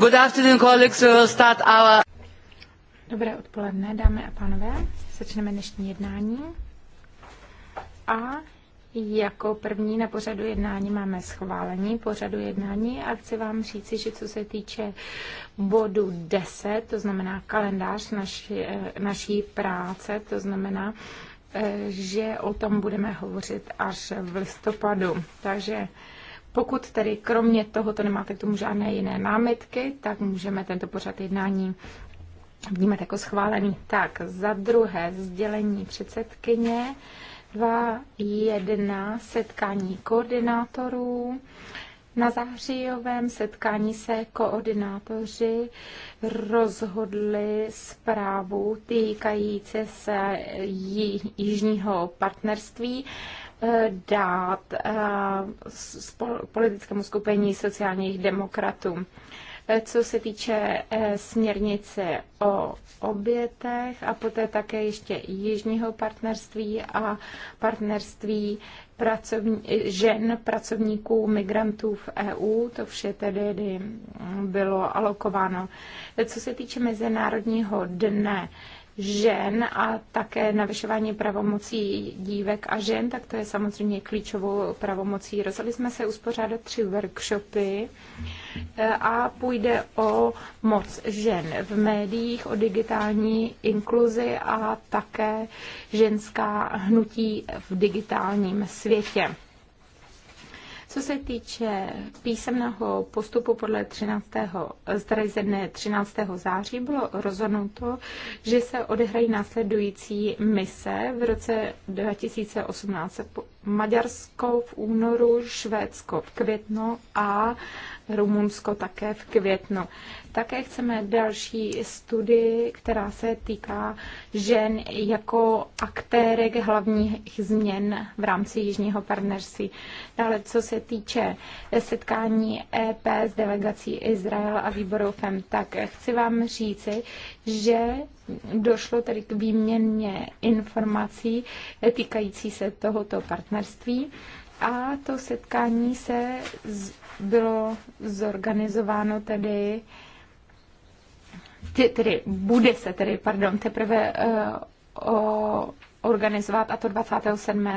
Good afternoon, colleagues. We will start our... Dobré odpoledne, dámy a pánové. Začneme dnešní jednání. A jako první na pořadu jednání máme schválení pořadu jednání a chci vám říci, že co se týče bodu 10, to znamená kalendář naši, eh, naší práce, to znamená, eh, že o tom budeme hovořit až v listopadu. Takže pokud tedy kromě tohoto nemáte k tomu žádné jiné námitky, tak můžeme tento pořad jednání vnímat jako schválený. Tak, za druhé sdělení předsedkyně, 2, 1, setkání koordinátorů. Na zářijovém setkání se koordinátoři rozhodli zprávu týkající se jižního partnerství dát eh, politickému skupení sociálních demokratů. Eh, co se týče eh, směrnice o obětech a poté také ještě jižního partnerství a partnerství pracovní, žen, pracovníků, migrantů v EU. To vše tedy bylo alokováno. Co se týče Mezinárodního dne žen a také navyšování pravomocí dívek a žen, tak to je samozřejmě klíčovou pravomocí. Rozhodli jsme se uspořádat tři workshopy e, a půjde o moc žen v médiích, o digitální inkluzi a také ženská hnutí v digitálním světě. Co se týče písemného postupu podle 13. Zdraví ze dne 13. září bylo rozhodnuto, že se odehrají následující mise v roce 2018 Maďarsko v únoru, Švédsko v květnu a Rumunsko také v květnu. Také chceme další studii, která se týká žen jako aktérek hlavních změn v rámci Jižního partnerství. Dále, co se týče setkání EP s delegací Izrael a výboru FEM, tak chci vám říci, že došlo tedy k výměně informací týkající se tohoto partnerství. A to setkání se bylo zorganizováno tedy tedy bude se tedy, pardon, teprve uh, o, organizovat a to 27.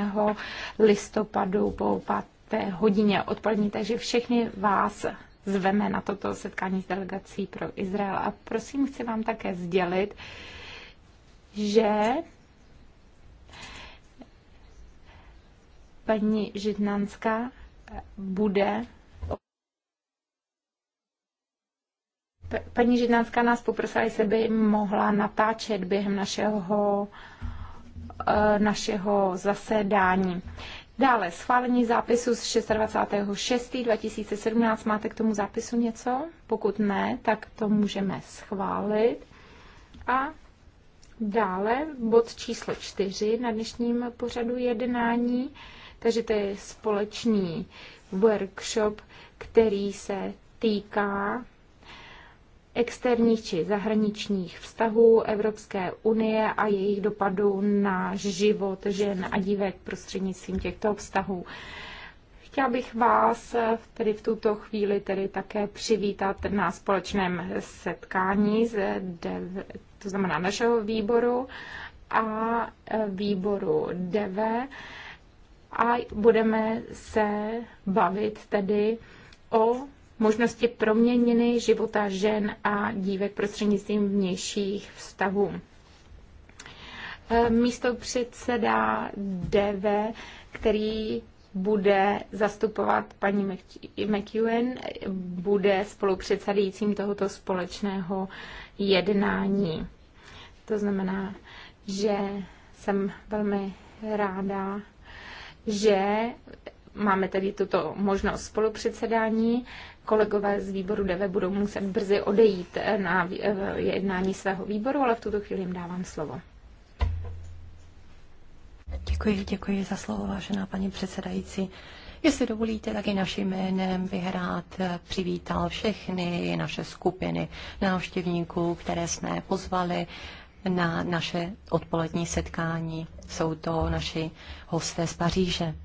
listopadu po 5. hodině odpolední, takže všechny vás zveme na toto setkání s delegací pro Izrael. A prosím, chci vám také sdělit, že paní Žitnanská bude paní Židnánská nás poprosila, jestli by mohla natáčet během našeho, eh, našeho zasedání. Dále, schválení zápisu z 26.6.2017. Máte k tomu zápisu něco? Pokud ne, tak to můžeme schválit. A dále bod číslo 4 na dnešním pořadu jednání. Takže to je společný workshop, který se týká externích či zahraničních vztahů Evropské unie a jejich dopadů na život žen a dívek prostřednictvím těchto vztahů. Chtěla bych vás tedy v tuto chvíli tedy také přivítat na společném setkání, z DEV, to znamená našeho výboru a výboru DEVE a budeme se bavit tedy o možnosti proměněny života žen a dívek prostřednictvím vnějších vztahů. E, místo předseda DV, který bude zastupovat paní McEwen, bude spolupředsedajícím tohoto společného jednání. To znamená, že jsem velmi ráda, že máme tedy tuto možnost spolupředsedání. Kolegové z výboru DV budou muset brzy odejít na eh, jednání svého výboru, ale v tuto chvíli jim dávám slovo. Děkuji, děkuji za slovo, vážená paní předsedající. Jestli dovolíte, tak i naším jménem bych rád eh, přivítal všechny naše skupiny návštěvníků, které jsme pozvali na naše odpolední setkání. Jsou to naši hosté z Paříže.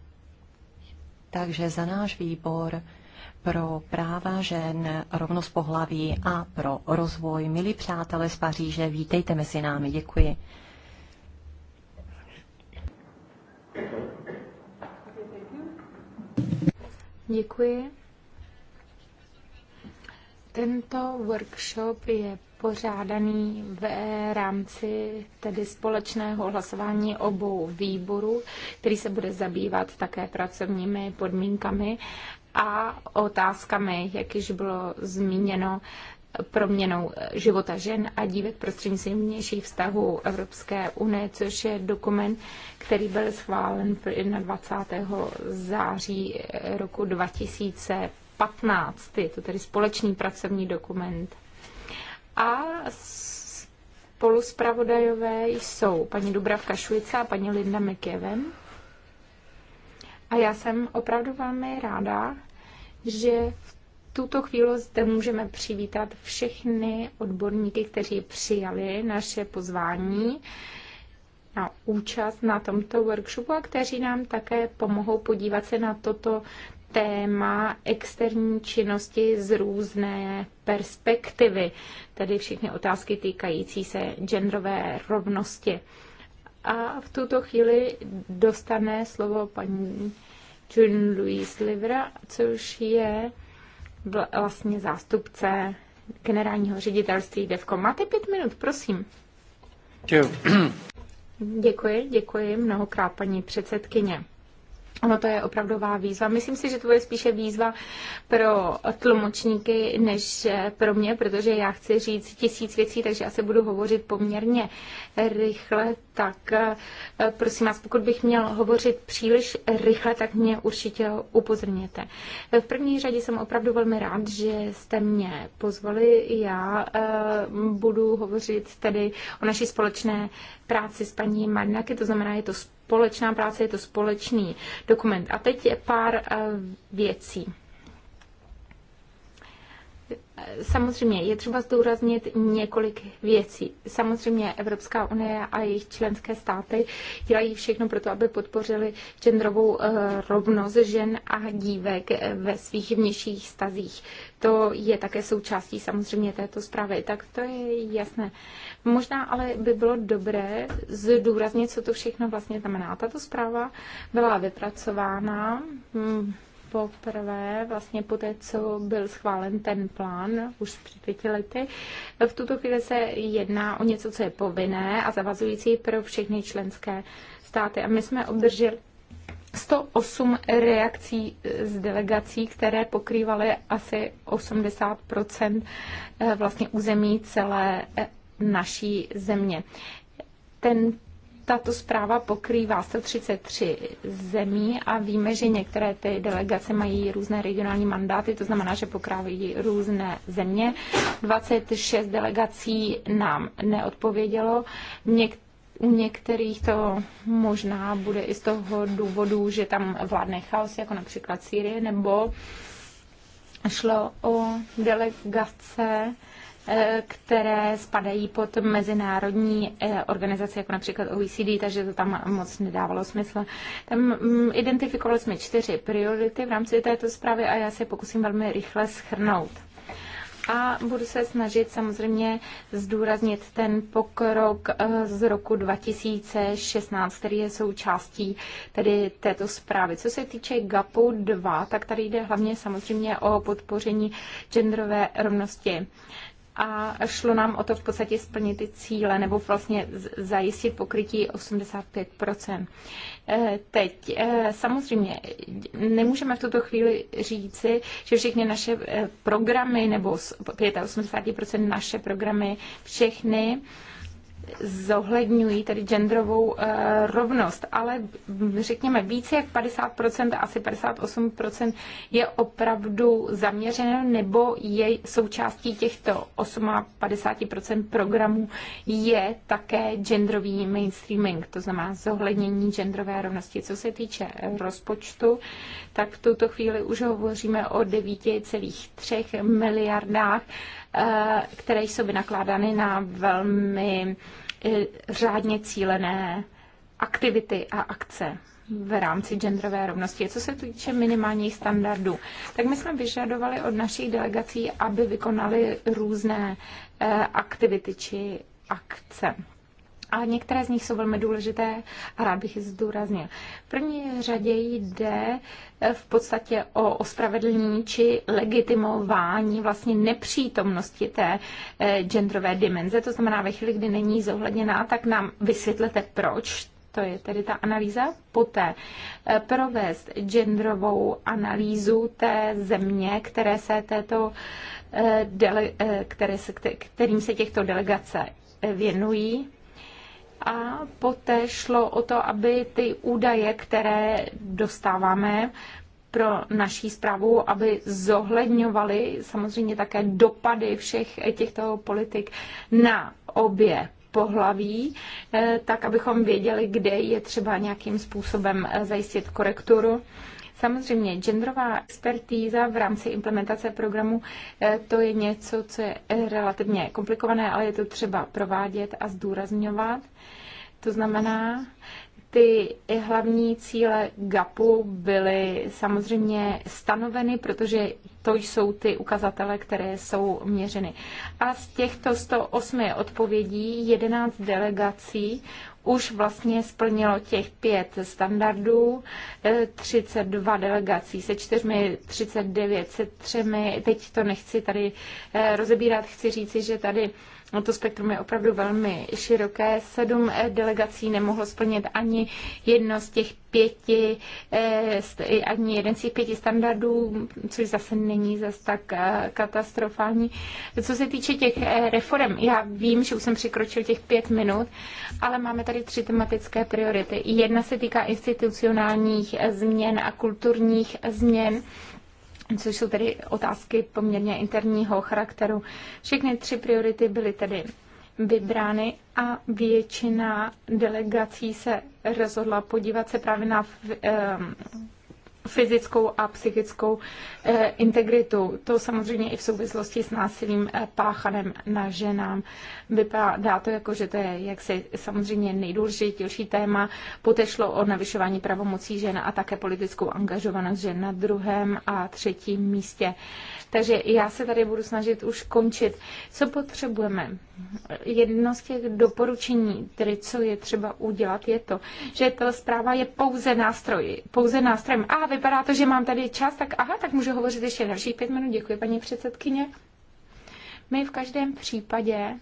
Takže za náš výbor pro práva žen, rovnost pohlaví a pro rozvoj. Milí přátelé z Paříže, vítejte mezi námi. Děkuji. Děkuji. Tento workshop je pořádaný v rámci tedy společného hlasování obou výborů, který se bude zabývat také pracovními podmínkami a otázkami, jak již bylo zmíněno, proměnou života žen a dívek prostřednictvím vnějších vztahů Evropské unie, což je dokument, který byl schválen 21. září roku 2015. 15. Je to tedy společný pracovní dokument. A spoluspravodajové jsou paní Dubravka Švica a paní Linda Mekjevem. A já jsem opravdu velmi ráda, že v tuto chvíli zde můžeme přivítat všechny odborníky, kteří přijali naše pozvání na účast na tomto workshopu a kteří nám také pomohou podívat se na toto téma externí činnosti z různé perspektivy, tedy všechny otázky týkající se genderové rovnosti. A v tuto chvíli dostane slovo paní June Louise Livra, což je vlastně zástupce generálního ředitelství DEVKO. Máte pět minut, prosím. Děkuji, děkuji mnohokrát, paní předsedkyně. Ono to je opravdová výzva. Myslím si, že to bude spíše výzva pro tlumočníky než pro mě, protože já chci říct tisíc věcí, takže asi budu hovořit poměrně rychle. Tak eh, prosím vás, pokud bych měl hovořit příliš rychle, tak mě určitě upozorněte. V první řadě jsem opravdu velmi rád, že jste mě pozvali. Já eh, budu hovořit tedy o naší společné práci s paní Marnaky, to znamená, je to společné společná práce, je to společný dokument. A teď je pár eh, věcí. Samozřejmě je třeba zdůraznit několik věcí. Samozřejmě Evropská unie a jejich členské státy dělají všechno pro to, aby podpořili genderovou eh, rovnost žen a dívek ve svých vnějších stazích. To je také součástí samozřejmě této zprávy, tak to je jasné. Možná ale by bylo dobré zdůraznit, co to všechno vlastně znamená. Tato zpráva byla vypracována hm, poprvé, vlastně po té, co byl schválen ten plán už před pěti lety, v tuto chvíli se jedná o něco, co je povinné a zavazující pro všechny členské státy. A my jsme obdrželi 108 reakcí z delegací, které pokrývaly asi 80 eh, vlastně území celé eh, naší země. Ten tato zpráva pokrývá 133 zemí a víme, že některé ty delegace mají různé regionální mandáty, to znamená, že pokrávají různé země. 26 delegací nám neodpovědělo. Něk- u některých to možná bude i z toho důvodu, že tam vládne chaos, jako například Sýrie, nebo šlo o delegace, Eh, které spadají pod mezinárodní eh, organizace, jako například OECD, takže to tam moc nedávalo smysl. Tam mm, identifikovali jsme čtyři priority v rámci této zprávy a já se pokusím velmi rychle schrnout a budu se snažit samozřejmě zdůraznit ten pokrok eh, z roku 2016, který je součástí tedy této zprávy. Co se týče GAPu 2, tak tady jde hlavně samozřejmě o podpoření genderové rovnosti a šlo nám o to v podstatě splnit ty cíle nebo vlastně zajistit pokrytí 85 e, Teď e, samozřejmě nemůžeme v tuto chvíli říci, že všechny naše e, programy nebo 85 naše programy všechny zohledňují tedy genderovou eh, rovnost, ale řekněme více jak 50%, asi 58% je opravdu zaměřeno nebo je součástí těchto 58% programů je také genderový mainstreaming, to znamená zohlednění genderové rovnosti. Co se týče rozpočtu, tak v tuto chvíli už hovoříme o 9,3 miliardách Eh, které jsou vynakládány na velmi eh, řádně cílené aktivity a akce v rámci genderové rovnosti. Co se týče minimálních standardů, tak my jsme vyžadovali od našich delegací, aby vykonali různé eh, aktivity či akce. A některé z nich jsou velmi důležité a rád bych je zdůraznil. V první řadě jde eh, v podstatě o ospravedlnění či legitimování vlastně nepřítomnosti té eh, genderové dimenze. To znamená, ve chvíli, kdy není zohledněná, tak nám vysvětlete, proč to je tedy ta analýza, poté eh, provést genderovou analýzu té země, které se této, které se, kterým se těchto delegace věnují, a poté šlo o to, aby ty údaje, které dostáváme pro naší zprávu, aby zohledňovaly samozřejmě také dopady všech těchto politik na obě pohlaví, eh, tak abychom věděli, kde je třeba nějakým způsobem eh, zajistit korekturu. Samozřejmě, genderová expertíza v rámci implementace programu, eh, to je něco, co je relativně komplikované, ale je to třeba provádět a zdůrazňovat. To znamená, ty hlavní cíle GAPu byly samozřejmě stanoveny, protože to jsou ty ukazatele, které jsou měřeny. A z těchto 108 odpovědí 11 delegací už vlastně splnilo těch pět standardů, 32 eh, delegací se čtyřmi, 39 se třemi, teď to nechci tady eh, rozebírat, chci říci, že tady No to spektrum je opravdu velmi široké. Sedm eh, delegací nemohlo splnit ani jedno z těch pěti, eh, ani jeden z těch pěti standardů, což zase není zase tak eh, katastrofální. Co se týče těch eh, reform, já vím, že už jsem překročil těch pět minut, ale máme tady tři tematické priority. Jedna se týká institucionálních změn a kulturních změn což jsou tedy otázky poměrně interního charakteru. Všechny tři priority byly tedy vybrány a většina delegací se rozhodla podívat se právě na fyzickou a psychickou eh, integritu. To samozřejmě i v souvislosti s násilím eh, páchanem na ženám. Vypadá to jako, že to je jaksi samozřejmě nejdůležitější téma. Poté šlo o navyšování pravomocí žen a také politickou angažovanost žen na druhém a třetím místě. Takže já se tady budu snažit už končit. Co potřebujeme? Jedno z těch doporučení, tedy co je třeba udělat, je to, že ta zpráva je pouze nástroj, pouze nástrojem. A vypadá to, že mám tady čas, tak aha, tak můžu hovořit ještě dalších pět minut. Děkuji, paní předsedkyně. My v každém případě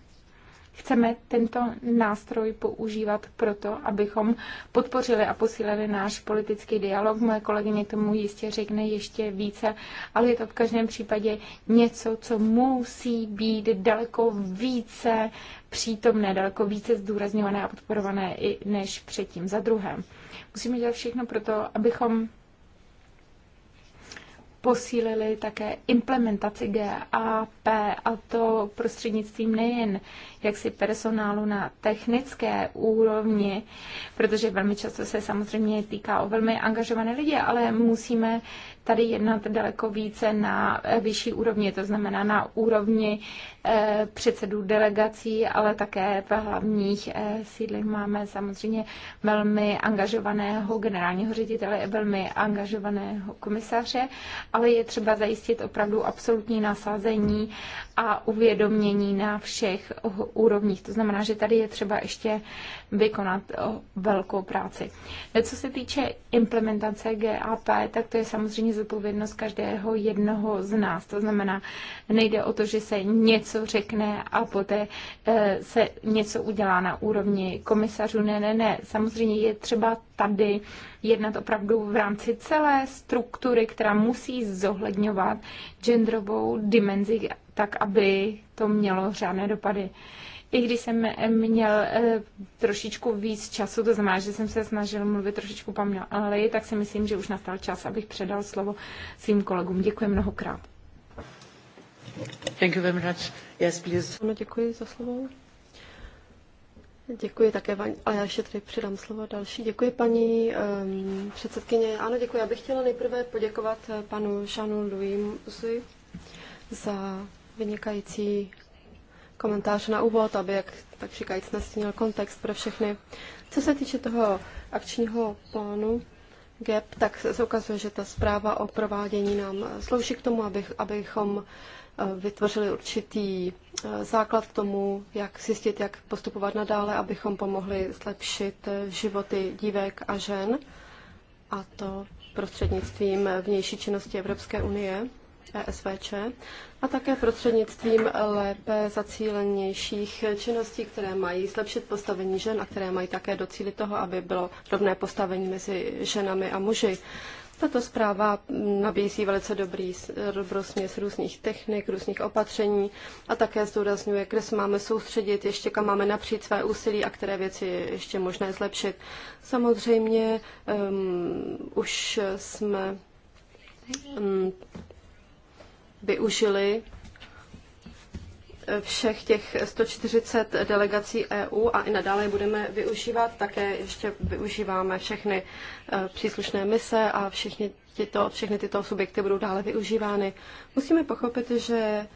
chceme tento nástroj používat proto, abychom podpořili a posílili náš politický dialog. Moje kolegyně tomu jistě řekne ještě více, ale je to v každém případě něco, co musí být daleko více přítomné, daleko více zdůrazňované a podporované i než předtím. Za druhé, musíme dělat všechno pro to, abychom posílili také implementaci GAP a to prostřednictvím nejen jaksi personálu na technické úrovni, protože velmi často se samozřejmě týká o velmi angažované lidi, ale musíme tady jednat daleko více na vyšší úrovni, to znamená na úrovni eh, předsedů delegací, ale také v hlavních eh, sídlech máme samozřejmě velmi angažovaného generálního ředitele, velmi angažovaného komisaře, ale je třeba zajistit opravdu absolutní nasazení a uvědomění na všech úrovních. To znamená, že tady je třeba ještě vykonat eh, velkou práci. Co se týče implementace GAP, tak to je samozřejmě zodpovědnost každého jednoho z nás. To znamená, nejde o to, že se něco řekne a poté eh, se něco udělá na úrovni komisařů. Ne, ne, ne. Samozřejmě je třeba tady jednat opravdu v rámci celé struktury, která musí zohledňovat genderovou dimenzi, tak aby to mělo řádné dopady. I když jsem eh, měl eh, trošičku víc času, to znamená, že jsem se snažil mluvit trošičku pomaleji, tak si myslím, že už nastal čas, abych předal slovo svým kolegům. Děkuji mnohokrát. Thank you very much. Yes, please. děkuji za slovo. Děkuji také, paní, A já ještě tady přidám slovo další. Děkuji, paní um, předsedkyně. Ano, děkuji. Já bych chtěla nejprve poděkovat eh, panu Šanu Louisi za vynikající komentář na úvod, aby, jak tak říkajíc, nastínil kontext pro všechny. Co se týče toho akčního plánu GEP, tak se ukazuje, že ta zpráva o provádění nám slouží k tomu, abych, abychom vytvořili určitý eh, základ k tomu, jak zjistit, jak postupovat nadále, abychom pomohli zlepšit eh, životy dívek a žen, a to prostřednictvím vnější činnosti Evropské unie, ESVČ, a také prostřednictvím lépe zacílenějších činností, které mají zlepšit postavení žen a které mají také docílit toho, aby bylo rovné postavení mezi ženami a muži. Tato zpráva nabízí velice dobrý, dobrou směs různých technik, různých opatření a také zdůrazňuje, kde se máme soustředit, ještě kam máme napřít své úsilí a které věci je ještě možné zlepšit. Samozřejmě um, už jsme um, využili všech těch 140 delegací EU a i nadále budeme využívat. Také ještě využíváme všechny eh, příslušné mise a všechny tyto, všechny tyto subjekty budou dále využívány. Musíme pochopit, že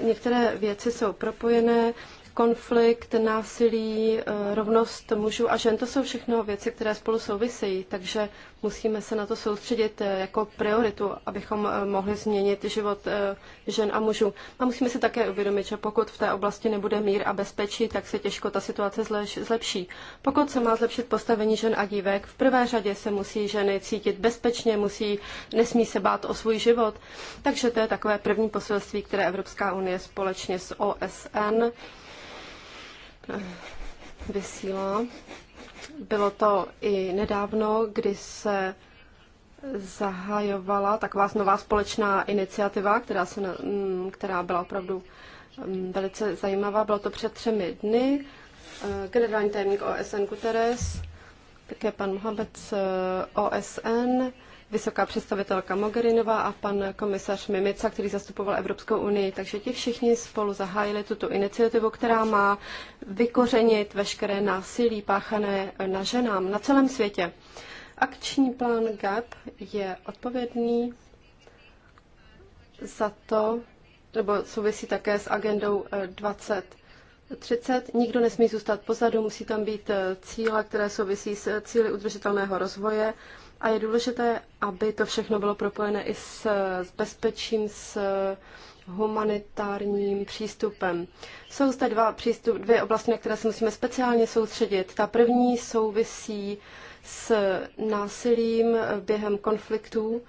některé věci jsou propojené, konflikt, násilí, eh, rovnost mužů a žen, to jsou všechno věci, které spolu souvisejí, takže musíme se na to soustředit eh, jako prioritu, abychom eh, mohli změnit život žen a mužů. A musíme si také uvědomit, že pokud v té oblasti nebude mír a bezpečí, tak se těžko ta situace zlepší. Pokud se má zlepšit postavení žen a dívek, v prvé řadě se musí ženy cítit bezpečně, musí, nesmí se bát o svůj život. Takže to je takové první poselství, které Evropská unie společně s OSN vysílá. Bylo to i nedávno, kdy se zahajovala taková nová společná iniciativa, která, se, mm, která byla opravdu mm, velice zajímavá. Bylo to před třemi dny. Eh, generální tajemník OSN Guterres, také pan Mohamed eh, OSN, vysoká představitelka Mogherinová a pan komisař Mimica, který zastupoval Evropskou unii. Takže ti všichni spolu zahájili tuto iniciativu, která má vykořenit veškeré násilí páchané na ženám na celém světě. Akční plán GAP je odpovědný za to, nebo souvisí také s agendou 2030. Eh, Nikdo nesmí zůstat pozadu, musí tam být eh, cíle, které souvisí s eh, cíly udržitelného rozvoje a je důležité, aby to všechno bylo propojené i s, s bezpečím, s humanitárním přístupem. Jsou zde dva přístup, dvě oblasti, na které se musíme speciálně soustředit. Ta první souvisí s násilím během konfliktů.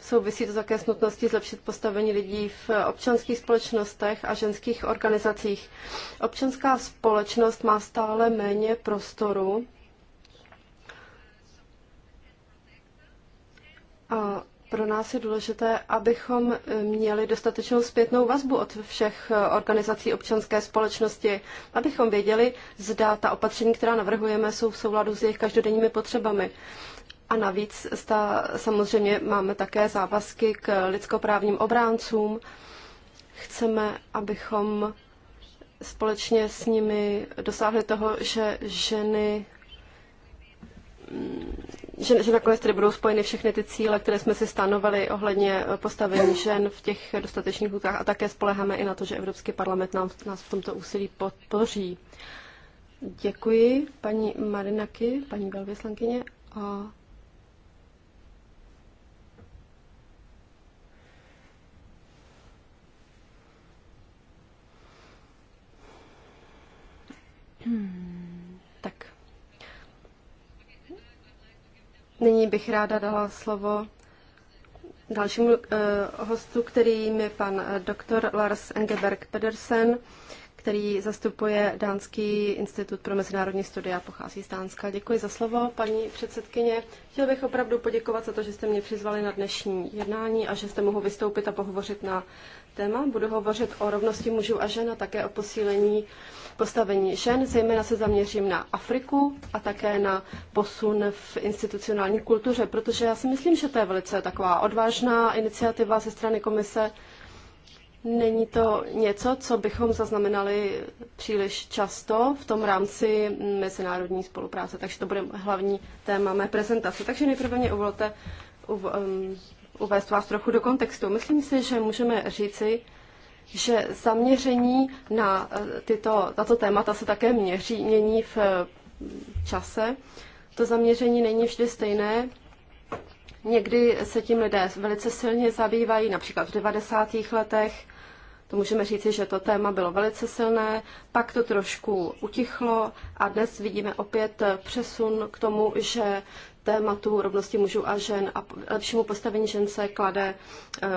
Souvisí to také s nutností zlepšit postavení lidí v občanských společnostech a ženských organizacích. Občanská společnost má stále méně prostoru pro nás je důležité, abychom měli dostatečnou zpětnou vazbu od všech organizací občanské společnosti, abychom věděli, zda ta opatření, která navrhujeme, jsou v souladu s jejich každodenními potřebami. A navíc zda, samozřejmě máme také závazky k lidskoprávním obráncům. Chceme, abychom společně s nimi dosáhli toho, že ženy že, že nakonec tedy budou spojeny všechny ty cíle, které jsme si stanovili ohledně postavení žen v těch dostatečných hutách a také spoleháme i na to, že Evropský parlament nám, nás v tomto úsilí podpoří. Děkuji paní Marinaky, paní velvyslankyně a Hmm. Nyní bych ráda dala slovo dalšímu uh, hostu, kterým je pan eh, doktor Lars Engeberg Pedersen, který zastupuje Dánský institut pro mezinárodní studia a pochází z Dánska. Děkuji za slovo, paní předsedkyně. Chtěl bych opravdu poděkovat za to, že jste mě přizvali na dnešní jednání a že jste mohu vystoupit a pohovořit na téma. Budu hovořit o rovnosti mužů a žen a také o posílení postavení žen. Zejména se zaměřím na Afriku a také na posun v institucionální kultuře, protože já si myslím, že to je velice taková odvážná iniciativa ze strany komise. Není to něco, co bychom zaznamenali příliš často v tom rámci mezinárodní spolupráce, takže to bude hlavní téma mé prezentace. Takže nejprve mě uvolte, uv, um, uvést vás trochu do kontextu. Myslím si, že můžeme říci, že zaměření na eh, tyto, tato témata se také měří, mění v eh, čase. To zaměření není vždy stejné. Někdy se tím lidé velice silně zabývají, například v 90. letech. To můžeme říci, že to téma bylo velice silné, pak to trošku utichlo a dnes vidíme opět přesun k tomu, že tématu rovnosti mužů a žen a lepšímu postavení žen se klade eh,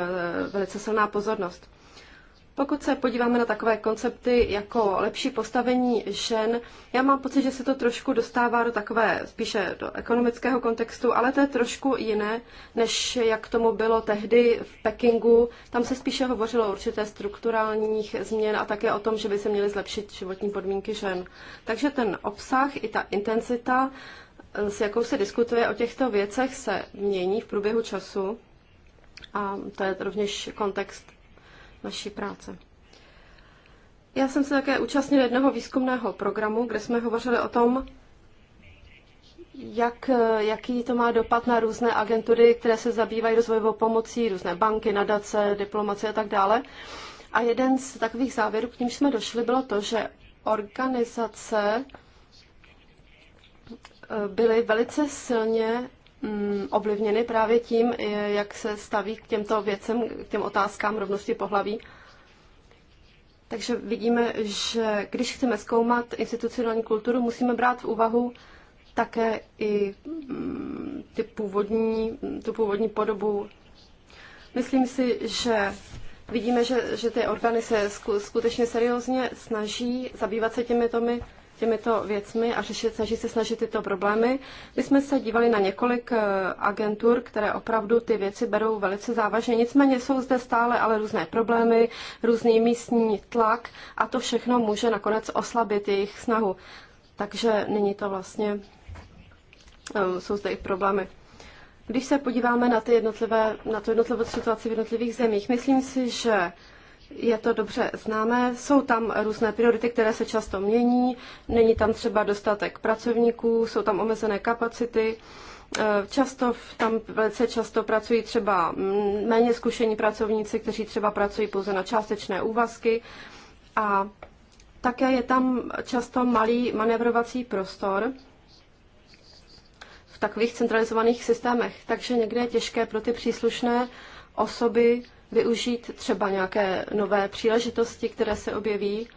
velice silná pozornost. Pokud se podíváme na takové koncepty jako lepší postavení žen, já mám pocit, že se to trošku dostává do takové spíše do ekonomického kontextu, ale to je trošku jiné, než jak tomu bylo tehdy v Pekingu. Tam se spíše hovořilo o určité strukturálních změn a také o tom, že by se měly zlepšit životní podmínky žen. Takže ten obsah i ta intenzita s jakou se diskutuje o těchto věcech, se mění v průběhu času a to je rovněž kontext naší práce. Já jsem se také účastnil jednoho výzkumného programu, kde jsme hovořili o tom, jak, jaký to má dopad na různé agentury, které se zabývají rozvojovou pomocí, různé banky, nadace, diplomace a tak dále. A jeden z takových závěrů, k nímž jsme došli, bylo to, že organizace Eh, byly velice silně mm, ovlivněny právě tím, eh, jak se staví k těmto věcem, k těm otázkám rovnosti pohlaví. Takže vidíme, že když chceme zkoumat institucionální kulturu, musíme brát v úvahu také i mm, ty původní, tu původní podobu. Myslím si, že vidíme, že, že ty orgány se skutečně seriózně snaží zabývat se těmi tomy těmito věcmi a řešit, snažit se snažit tyto problémy. My jsme se dívali na několik eh, agentur, které opravdu ty věci berou velice závažně. Nicméně jsou zde stále ale různé problémy, různý místní tlak a to všechno může nakonec oslabit jejich snahu. Takže není to vlastně, eh, jsou zde i problémy. Když se podíváme na, ty jednotlivé, na tu jednotlivou situaci v jednotlivých zemích, myslím si, že je to dobře známé. Jsou tam různé priority, které se často mění, není tam třeba dostatek pracovníků, jsou tam omezené kapacity. Eh, často tam velice často pracují třeba mm, méně zkušení pracovníci, kteří třeba pracují pouze na částečné úvazky a také je tam často malý manevrovací prostor v takových centralizovaných systémech, takže někde je těžké pro ty příslušné osoby využít třeba nějaké nové příležitosti, které se objeví,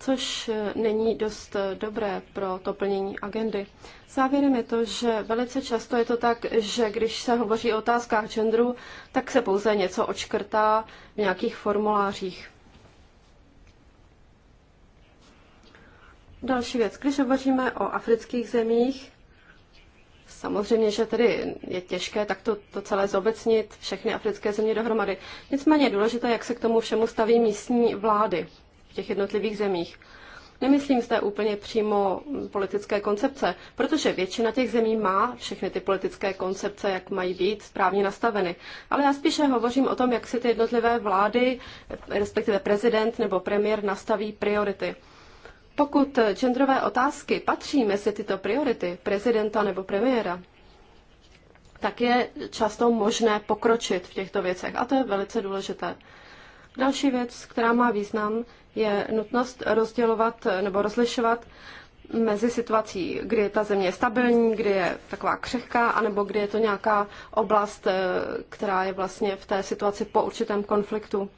což není dost dobré pro to plnění agendy. Závěrem je to, že velice často je to tak, že když se hovoří o otázkách genderu, tak se pouze něco očkrtá v nějakých formulářích. Další věc. Když hovoříme o afrických zemích, Samozřejmě, že tedy je těžké tak to, to celé zobecnit, všechny africké země dohromady. Nicméně je důležité, jak se k tomu všemu staví místní vlády v těch jednotlivých zemích. Nemyslím zde úplně přímo politické koncepce, protože většina těch zemí má všechny ty politické koncepce, jak mají být správně nastaveny. Ale já spíše hovořím o tom, jak si ty jednotlivé vlády, respektive prezident nebo premiér, nastaví priority. Pokud genderové otázky patří mezi tyto priority prezidenta nebo premiéra, tak je často možné pokročit v těchto věcech a to je velice důležité. Další věc, která má význam, je nutnost rozdělovat nebo rozlišovat mezi situací, kdy je ta země stabilní, kdy je taková křehká, anebo kdy je to nějaká oblast, eh, která je vlastně v té situaci po určitém konfliktu.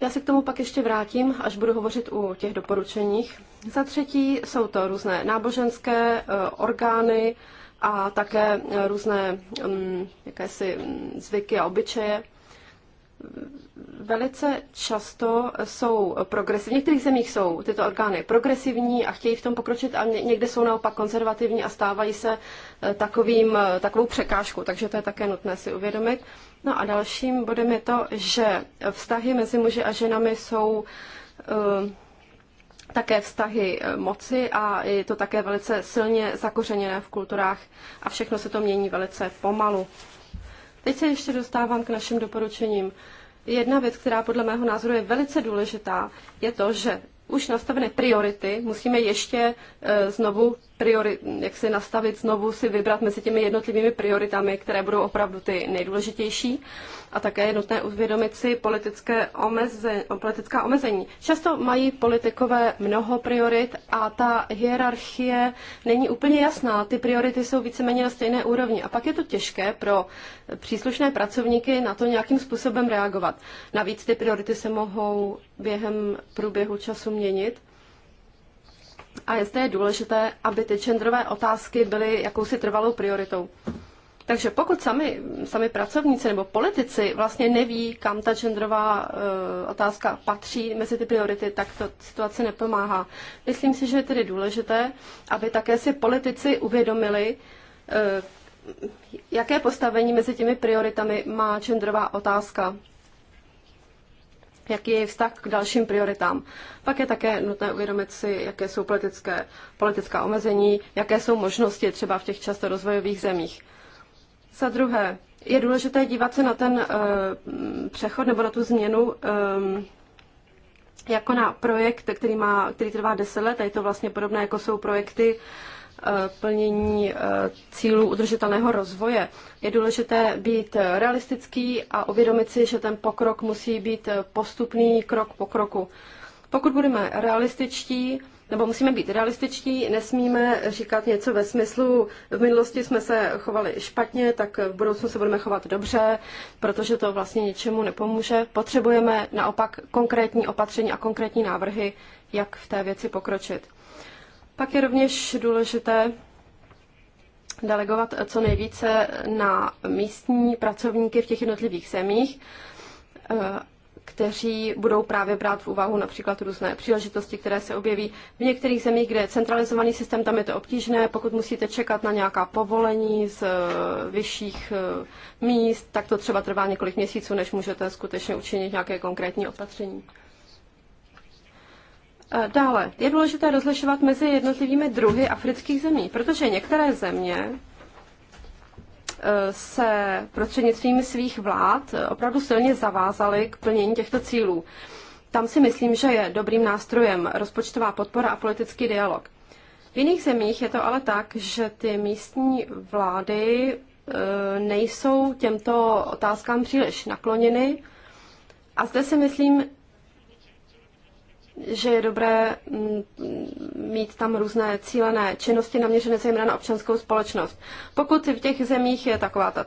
Já se k tomu pak ještě vrátím, až budu hovořit u těch doporučeních. Za třetí jsou to různé náboženské eh, orgány a také různé mm, jakési mm, zvyky a obyčeje. Velice často jsou progresivní, v některých zemích jsou tyto orgány progresivní a chtějí v tom pokročit a někde jsou naopak konzervativní a stávají se eh, takovým, eh, takovou překážkou, takže to je také nutné si uvědomit. No a dalším bodem je to, že vztahy mezi muži a ženami jsou eh, také vztahy eh, moci a je to také velice silně zakořeněné v kulturách a všechno se to mění velice pomalu. Teď se ještě dostávám k našim doporučením. Jedna věc, která podle mého názoru je velice důležitá, je to, že už nastavené priority musíme ještě eh, znovu priorit, jak si nastavit znovu, si vybrat mezi těmi jednotlivými prioritami, které budou opravdu ty nejdůležitější. A také je nutné uvědomit si politické omeze, politická omezení. Často mají politikové mnoho priorit a ta hierarchie není úplně jasná. Ty priority jsou víceméně na stejné úrovni. A pak je to těžké pro příslušné pracovníky na to nějakým způsobem reagovat. Navíc ty priority se mohou během průběhu času měnit a je zde důležité, aby ty genderové otázky byly jakousi trvalou prioritou. Takže pokud sami, sami pracovníci nebo politici vlastně neví, kam ta genderová uh, otázka patří mezi ty priority, tak to situaci nepomáhá. Myslím si, že je tedy důležité, aby také si politici uvědomili, uh, jaké postavení mezi těmi prioritami má genderová otázka jaký je vztah k dalším prioritám. Pak je také nutné uvědomit si, jaké jsou politické, politická omezení, jaké jsou možnosti třeba v těch často rozvojových zemích. Za druhé, je důležité dívat se na ten uh, přechod nebo na tu změnu um, jako na projekt, který, má, který trvá 10 let, a je to vlastně podobné, jako jsou projekty uh, Eh, plnění eh, cílů udržitelného rozvoje. Je důležité být realistický a uvědomit si, že ten pokrok musí být eh, postupný krok po kroku. Pokud budeme realističtí, nebo musíme být realističtí, nesmíme říkat něco ve smyslu, v minulosti jsme se chovali špatně, tak v budoucnu se budeme chovat dobře, protože to vlastně ničemu nepomůže. Potřebujeme naopak konkrétní opatření a konkrétní návrhy, jak v té věci pokročit. Pak je rovněž důležité delegovat co nejvíce na místní pracovníky v těch jednotlivých zemích, eh, kteří budou právě brát v úvahu například různé příležitosti, které se objeví v některých zemích, kde je centralizovaný systém, tam je to obtížné. Pokud musíte čekat na nějaká povolení z eh, vyšších eh, míst, tak to třeba trvá několik měsíců, než můžete skutečně učinit nějaké konkrétní opatření. Eh, dále je důležité rozlišovat mezi jednotlivými druhy afrických zemí, protože některé země eh, se prostřednictvím svých vlád eh, opravdu silně zavázaly k plnění těchto cílů. Tam si myslím, že je dobrým nástrojem rozpočtová podpora a politický dialog. V jiných zemích je to ale tak, že ty místní vlády nejsou těmto otázkám příliš nakloněny. A zde si myslím, že je dobré mm, mít tam různé cílené činnosti naměřené zejména na občanskou společnost. Pokud v těch zemích je taková ta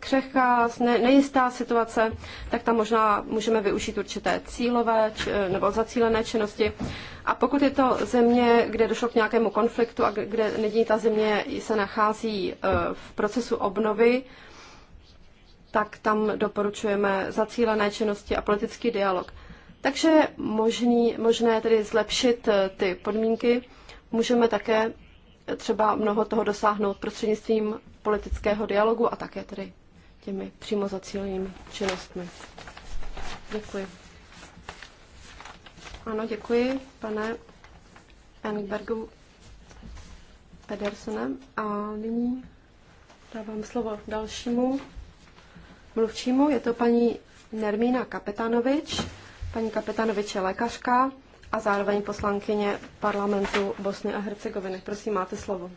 křehká, nejistá situace, tak tam možná můžeme využít určité cílové nebo zacílené činnosti. A pokud je to země, kde došlo k nějakému konfliktu a kde není ta země se nachází e, v procesu obnovy, tak tam doporučujeme zacílené činnosti a politický dialog. Takže možný, možné tedy zlepšit eh, ty podmínky. Můžeme také eh, třeba mnoho toho dosáhnout prostřednictvím politického dialogu a také tedy těmi přímo zacílenými činnostmi. Děkuji. Ano, děkuji, pane Engbergu Pedersenem. A nyní dávám slovo dalšímu mluvčímu. Je to paní Nermína Kapetanovič Paní Kapitanovič je lékařka a zároveň poslankyně parlamentu Bosny a Hercegoviny. Prosím, máte slovo.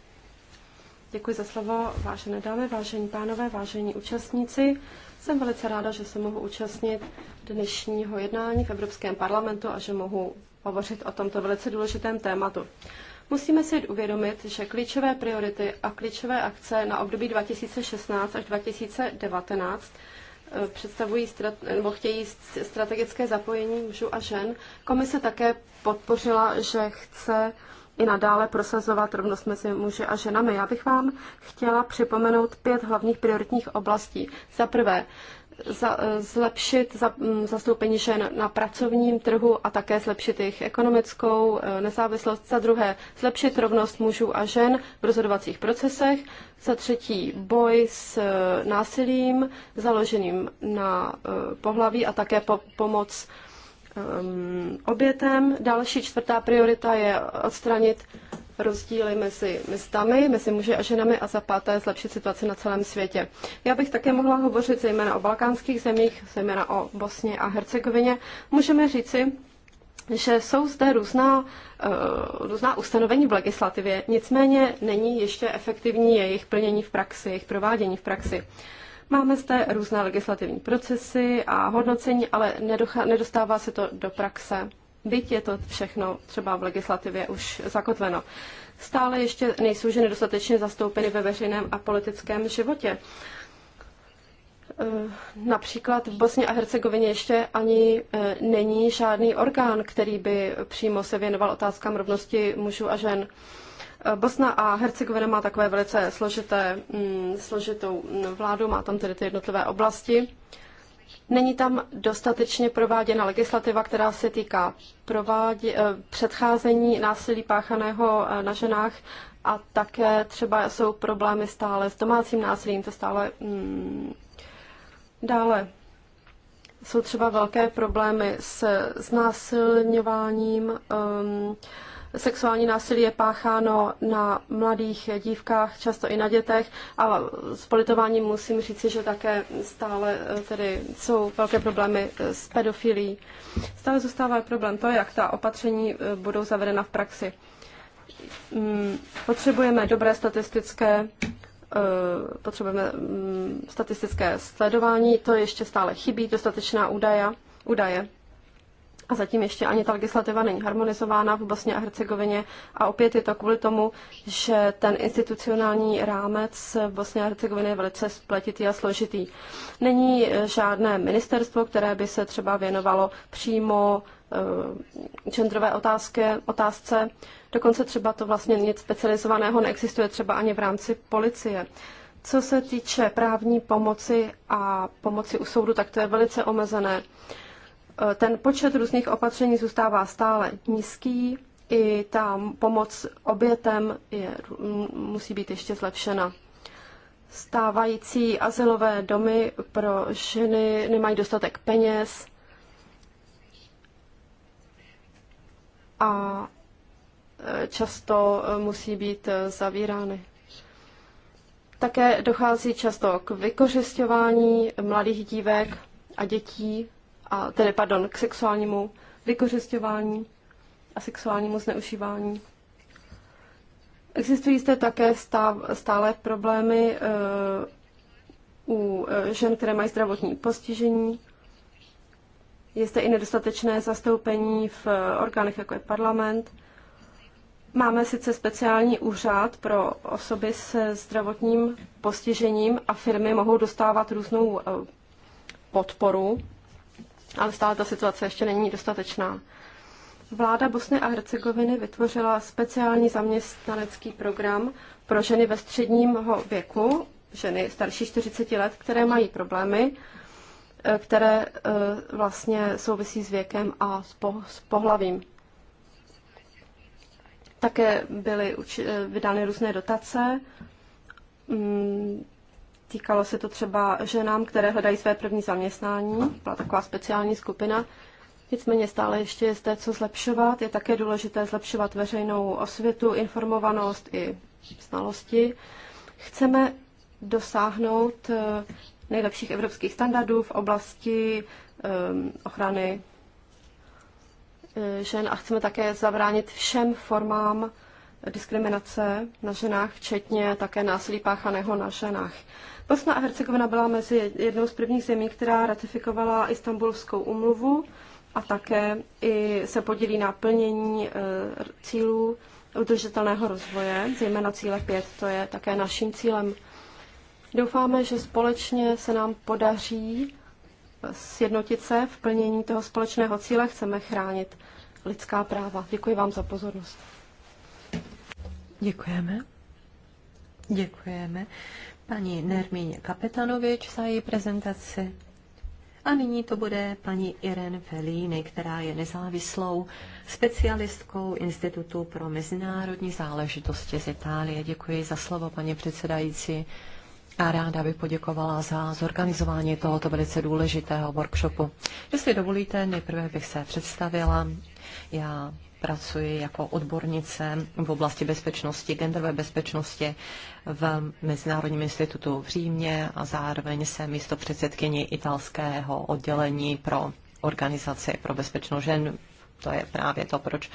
Děkuji za slovo, vážené dámy, vážení pánové, vážení účastníci. Jsem velice ráda, že se mohu účastnit dnešního jednání v Evropském parlamentu a že mohu hovořit o tomto velice důležitém tématu. Musíme si uvědomit, že klíčové priority a klíčové akce na období 2016 až 2019 Eh, představují nebo chtějí strategické zapojení mužů a žen. Komise také podpořila, že chce i nadále prosazovat rovnost mezi muži a ženami. Já bych vám chtěla připomenout pět hlavních prioritních oblastí. Za prvé, za, zlepšit za, mm, zastoupení žen na pracovním trhu a také zlepšit jejich ekonomickou e, nezávislost. Za druhé, zlepšit rovnost mužů a žen v rozhodovacích procesech. Za třetí, boj s e, násilím založeným na e, pohlaví a také po, pomoc obětem. Další čtvrtá priorita je odstranit rozdíly mezi mzdami, mezi muži a ženami a za páté zlepšit situaci na celém světě. Já bych také mohla hovořit zejména o balkánských zemích, zejména o Bosně a Hercegovině. Můžeme říci, že jsou zde různá, eh, různá ustanovení v legislativě, nicméně není ještě efektivní jejich plnění v praxi, jejich provádění v praxi. Máme zde různé legislativní procesy a hodnocení, ale nedostává se to do praxe byť je to všechno třeba v legislativě už zakotveno. Stále ještě nejsou ženy dostatečně zastoupeny ve veřejném a politickém životě. E, například v Bosně a Hercegovině ještě ani e, není žádný orgán, který by přímo se věnoval otázkám rovnosti mužů a žen. E, Bosna a Hercegovina má takové velice složité, mm, složitou vládu, má tam tedy ty jednotlivé oblasti. Není tam dostatečně prováděna legislativa, která se týká provádě, eh, předcházení násilí páchaného eh, na ženách a také třeba jsou problémy stále s domácím násilím, to stále mm, dále. Jsou třeba velké problémy s znásilňováním, um, Sexuální násilí je pácháno na mladých dívkách, často i na dětech a s politováním musím říci, že také stále eh, tedy jsou velké problémy eh, s pedofilí. Stále zůstává problém to, jak ta opatření eh, budou zavedena v praxi. Mm, potřebujeme dobré statistické potřebujeme mm, statistické sledování, to ještě stále chybí, dostatečná údaje a zatím ještě ani ta legislativa není harmonizována v Bosně a Hercegovině a opět je to kvůli tomu, že ten institucionální rámec v Bosně a Hercegovině je velice spletitý a složitý. Není eh, žádné ministerstvo, které by se třeba věnovalo přímo eh, genderové otázky, otázce. Dokonce třeba to vlastně nic specializovaného neexistuje třeba ani v rámci policie. Co se týče právní pomoci a pomoci u soudu, tak to je velice omezené. Uh, Eh, ten počet různých opatření zůstává stále nízký, i ta pomoc obětem je, musí být ještě zlepšena. Stávající asilové domy pro ženy nemají dostatek peněz a eh, často eh, musí být zavírány. Také dochází často k vykořišťování mladých dívek a dětí a tedy pardon, k sexuálnímu vykořišťování a sexuálnímu zneužívání. Existují zde také stále problémy e, u e, žen, které mají zdravotní postižení. Je zde i nedostatečné zastoupení v orgánech, jako je parlament. Máme sice speciální úřad pro osoby se zdravotním postižením a firmy mohou dostávat různou e, podporu ale stále ta situace ještě není dostatečná. Vláda Bosny a Hercegoviny vytvořila speciální zaměstnanecký program pro ženy ve středním věku, ženy starší 40 let, které mají problémy, eh, které eh, vlastně souvisí s věkem a s pohlavím. Také byly eh, vydány různé dotace, mm, Týkalo se to třeba ženám, které hledají své první zaměstnání, byla taková speciální skupina. Nicméně stále ještě je zde co zlepšovat. Je také důležité zlepšovat veřejnou osvětu, informovanost i znalosti. Chceme dosáhnout eh, nejlepších evropských standardů v oblasti ehm, ochrany eh, žen a chceme také zabránit všem formám diskriminace na ženách, včetně také násilí páchaného na ženách. Bosna a Hercegovina byla mezi jednou z prvních zemí, která ratifikovala Istanbulskou umluvu a také i se podílí na plnění e, cílů udržitelného rozvoje, zejména cíle 5, to je také naším cílem. Doufáme, že společně se nám podaří e, sjednotit se v plnění toho společného cíle. Chceme chránit lidská práva. Děkuji vám za pozornost. Děkujeme. Děkujeme paní Nermíně Kapetanovič za její prezentaci. A nyní to bude paní Irene Felíny, která je nezávislou specialistkou Institutu pro mezinárodní záležitosti z Itálie. Děkuji za slovo, paní předsedající. A ráda bych poděkovala za zorganizování tohoto velice důležitého workshopu. Jestli dovolíte, nejprve bych se představila. Já pracuji jako odbornice v oblasti bezpečnosti, genderové bezpečnosti v Mezinárodním institutu v Římě a zároveň jsem místo předsedkyni italského oddělení pro organizaci pro bezpečnost žen. To je právě to, proč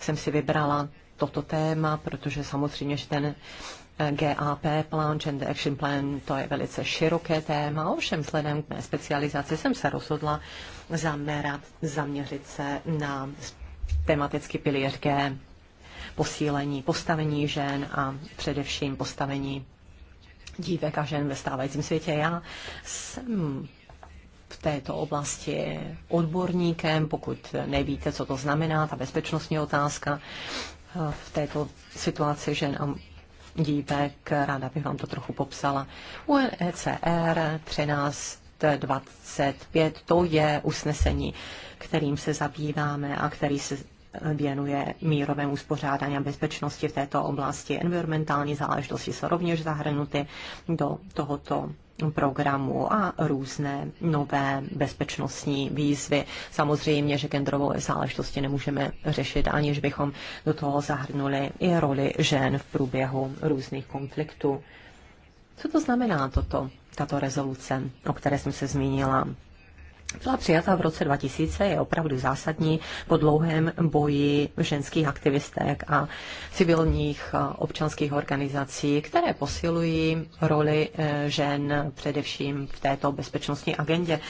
jsem si vybrala toto téma, protože samozřejmě, že ten eh, GAP plán, Gender Action Plan, to je velice široké téma, ovšem vzhledem k mé specializaci jsem se rozhodla zaměrat, zaměřit se na tematicky pilíř G, posílení postavení žen a především postavení dívek a žen ve stávajícím světě. Já jsem v této oblasti odborníkem, pokud nevíte, co to znamená, ta bezpečnostní otázka v této situaci žen a dívek, ráda bych vám to trochu popsala. UNECR 13 25. To je usnesení, kterým se zabýváme a který se věnuje mírovému uspořádání a bezpečnosti v této oblasti. Environmentální záležitosti jsou rovněž zahrnuty do tohoto programu a různé nové bezpečnostní výzvy. Samozřejmě, že genderovou záležitosti nemůžeme řešit, aniž bychom do toho zahrnuli i roli žen v průběhu různých konfliktů. Co to znamená toto? tato rezoluce, o které jsem se zmínila, byla přijata v roce 2000, je opravdu zásadní po dlouhém boji ženských aktivistek a civilních eh, občanských organizací, které posilují roli eh, žen především v této bezpečnostní agendě.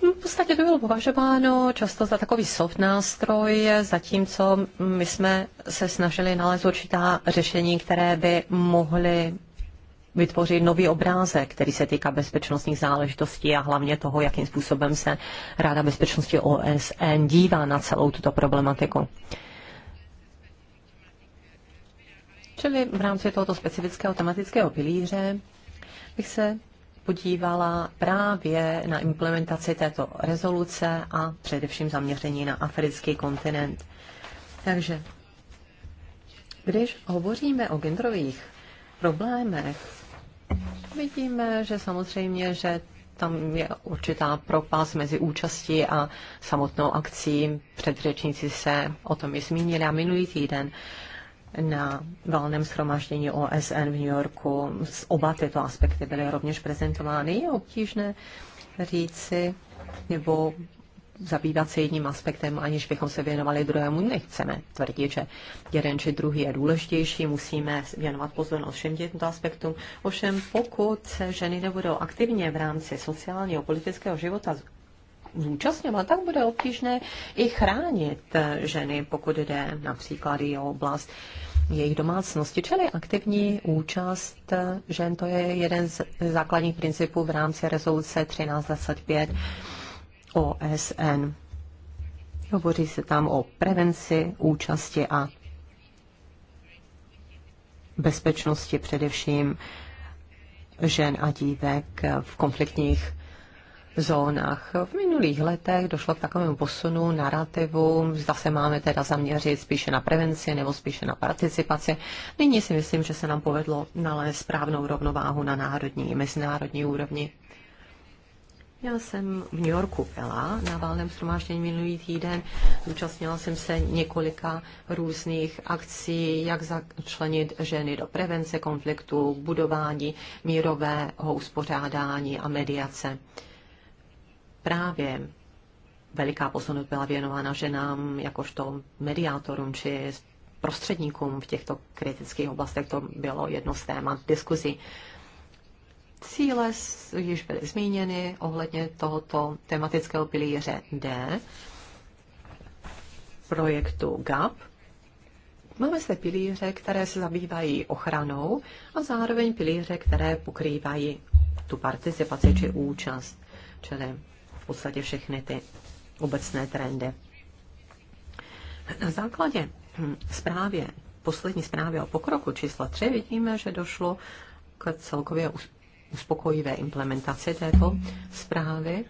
V podstatě to bylo považováno často za takový soft nástroj, zatímco my jsme se snažili nalézt určitá řešení, které by mohly vytvořit nový obrázek, který se týká bezpečnostních záležitostí a hlavně toho, jakým způsobem se Ráda bezpečnosti OSN dívá na celou tuto problematiku. Čili v rámci tohoto specifického tematického pilíře bych se podívala právě na implementaci této rezoluce a především zaměření na africký kontinent. Takže když hovoříme o genderových problémech Vidíme, že samozřejmě, že tam je určitá propas mezi účastí a samotnou akcí. Předřečníci se o tom i zmínili a minulý týden na valném schromáždění OSN v New Yorku oba tyto aspekty byly rovněž prezentovány. Je obtížné říci nebo zabývat se jedním aspektem, aniž bychom se věnovali druhému. Nechceme tvrdit, že jeden či druhý je důležitější, musíme věnovat pozornost všem těmto aspektům. Ovšem, pokud se ženy nebudou aktivně v rámci sociálního politického života zúčastňovat, tak bude obtížné i chránit ženy, pokud jde například i o oblast jejich domácnosti, čili aktivní účast žen, to je jeden z základních principů v rámci rezoluce 1325 OSN. Hovoří se tam o prevenci, účasti a bezpečnosti především žen a dívek v konfliktních zónách. V minulých letech došlo k takovému posunu narrativu, zda se máme teda zaměřit spíše na prevenci nebo spíše na participaci. Nyní si myslím, že se nám povedlo nalézt správnou rovnováhu na národní i mezinárodní úrovni. Já jsem v New Yorku byla na válném shromáždění minulý týden. Zúčastnila jsem se několika různých akcí, jak začlenit ženy do prevence konfliktu, budování mírového uspořádání a mediace. Právě veliká pozornost byla věnována ženám jakožto mediátorům či prostředníkům v těchto kritických oblastech. To bylo jedno z témat diskuzí. Cíle již byly zmíněny ohledně tohoto tematického pilíře D projektu GAP. Máme zde pilíře, které se zabývají ochranou a zároveň pilíře, které pokrývají tu participaci či účast, čili v podstatě všechny ty obecné trendy. Na základě hm, zprávě, poslední zprávy o pokroku číslo 3 vidíme, že došlo k celkově uspokojivé implementaci této zprávy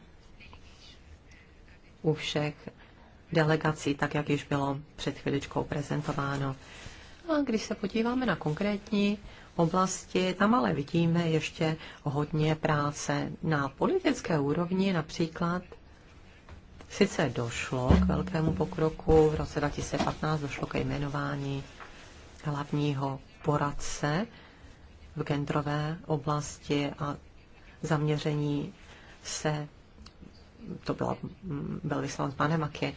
u všech delegací, tak jak již bylo před chviličkou prezentováno. A když se podíváme na konkrétní oblasti, tam ale vidíme ještě hodně práce na politické úrovni, například Sice došlo k velkému pokroku, v roce 2015 došlo ke jmenování hlavního poradce v genderové oblasti a zaměření se, to byla, byl mm, vyslanec Panemaky,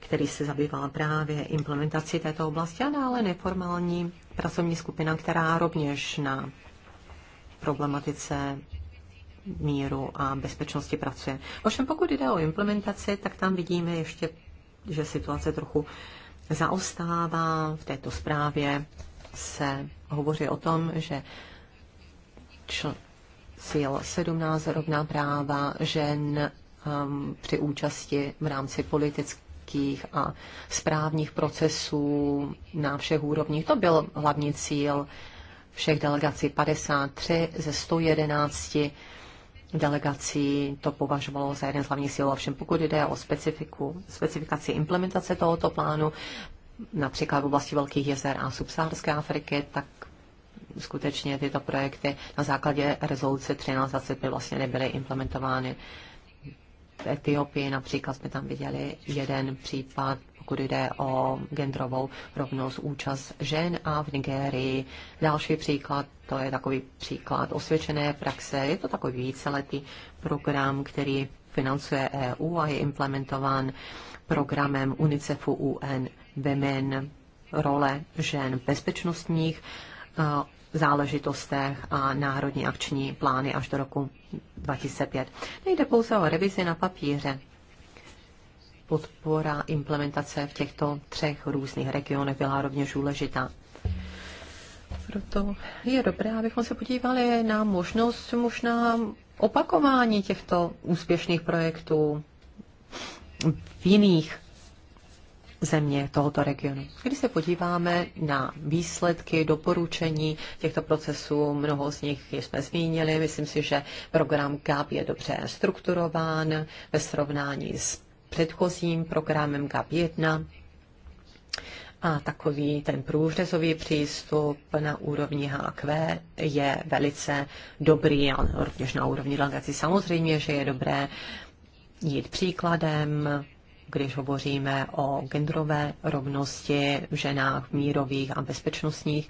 který se zabýval právě implementací této oblasti a dále neformální pracovní skupina, která rovněž na problematice míru a bezpečnosti pracuje. Ovšem pokud jde o implementaci, tak tam vidíme ještě, že situace trochu zaostává. V této zprávě se hovoří o tom, že čl- cíl 17 rovná práva žen um, při účasti v rámci politických a správních procesů na všech úrovních. To byl hlavní cíl všech delegací 53 ze 111 delegací to považovalo za jeden z hlavních cílů. Ovšem pokud jde o specifiku, specifikaci implementace tohoto plánu, například v oblasti Velkých jezer a subsaharské Afriky, tak skutečně tyto projekty na základě rezoluce 1325 by vlastně nebyly implementovány. V Etiopii například jsme tam viděli jeden případ, pokud jde o genderovou rovnost účast žen a v Nigérii. Další příklad, to je takový příklad osvědčené praxe. Je to takový víceletý program, který financuje EU a je implementován programem UNICEFu UN women, role žen v bezpečnostních eh, záležitostech a národní akční plány až do roku 2005. Nejde pouze o revizi na papíře. Podpora implementace v těchto třech různých regionech byla rovněž důležitá. Proto je dobré, abychom se podívali na možnost možná opakování těchto úspěšných projektů v jiných země tohoto regionu. Když se podíváme na výsledky, doporučení těchto procesů, mnoho z nich jsme zmínili, myslím si, že program GAP je dobře strukturován ve srovnání s předchozím programem GAP 1, a takový ten průřezový přístup na úrovni HQ je velice dobrý a rovněž na úrovni delegací. Samozřejmě, že je dobré jít příkladem, když hovoříme o genderové rovnosti v ženách v mírových a bezpečnostních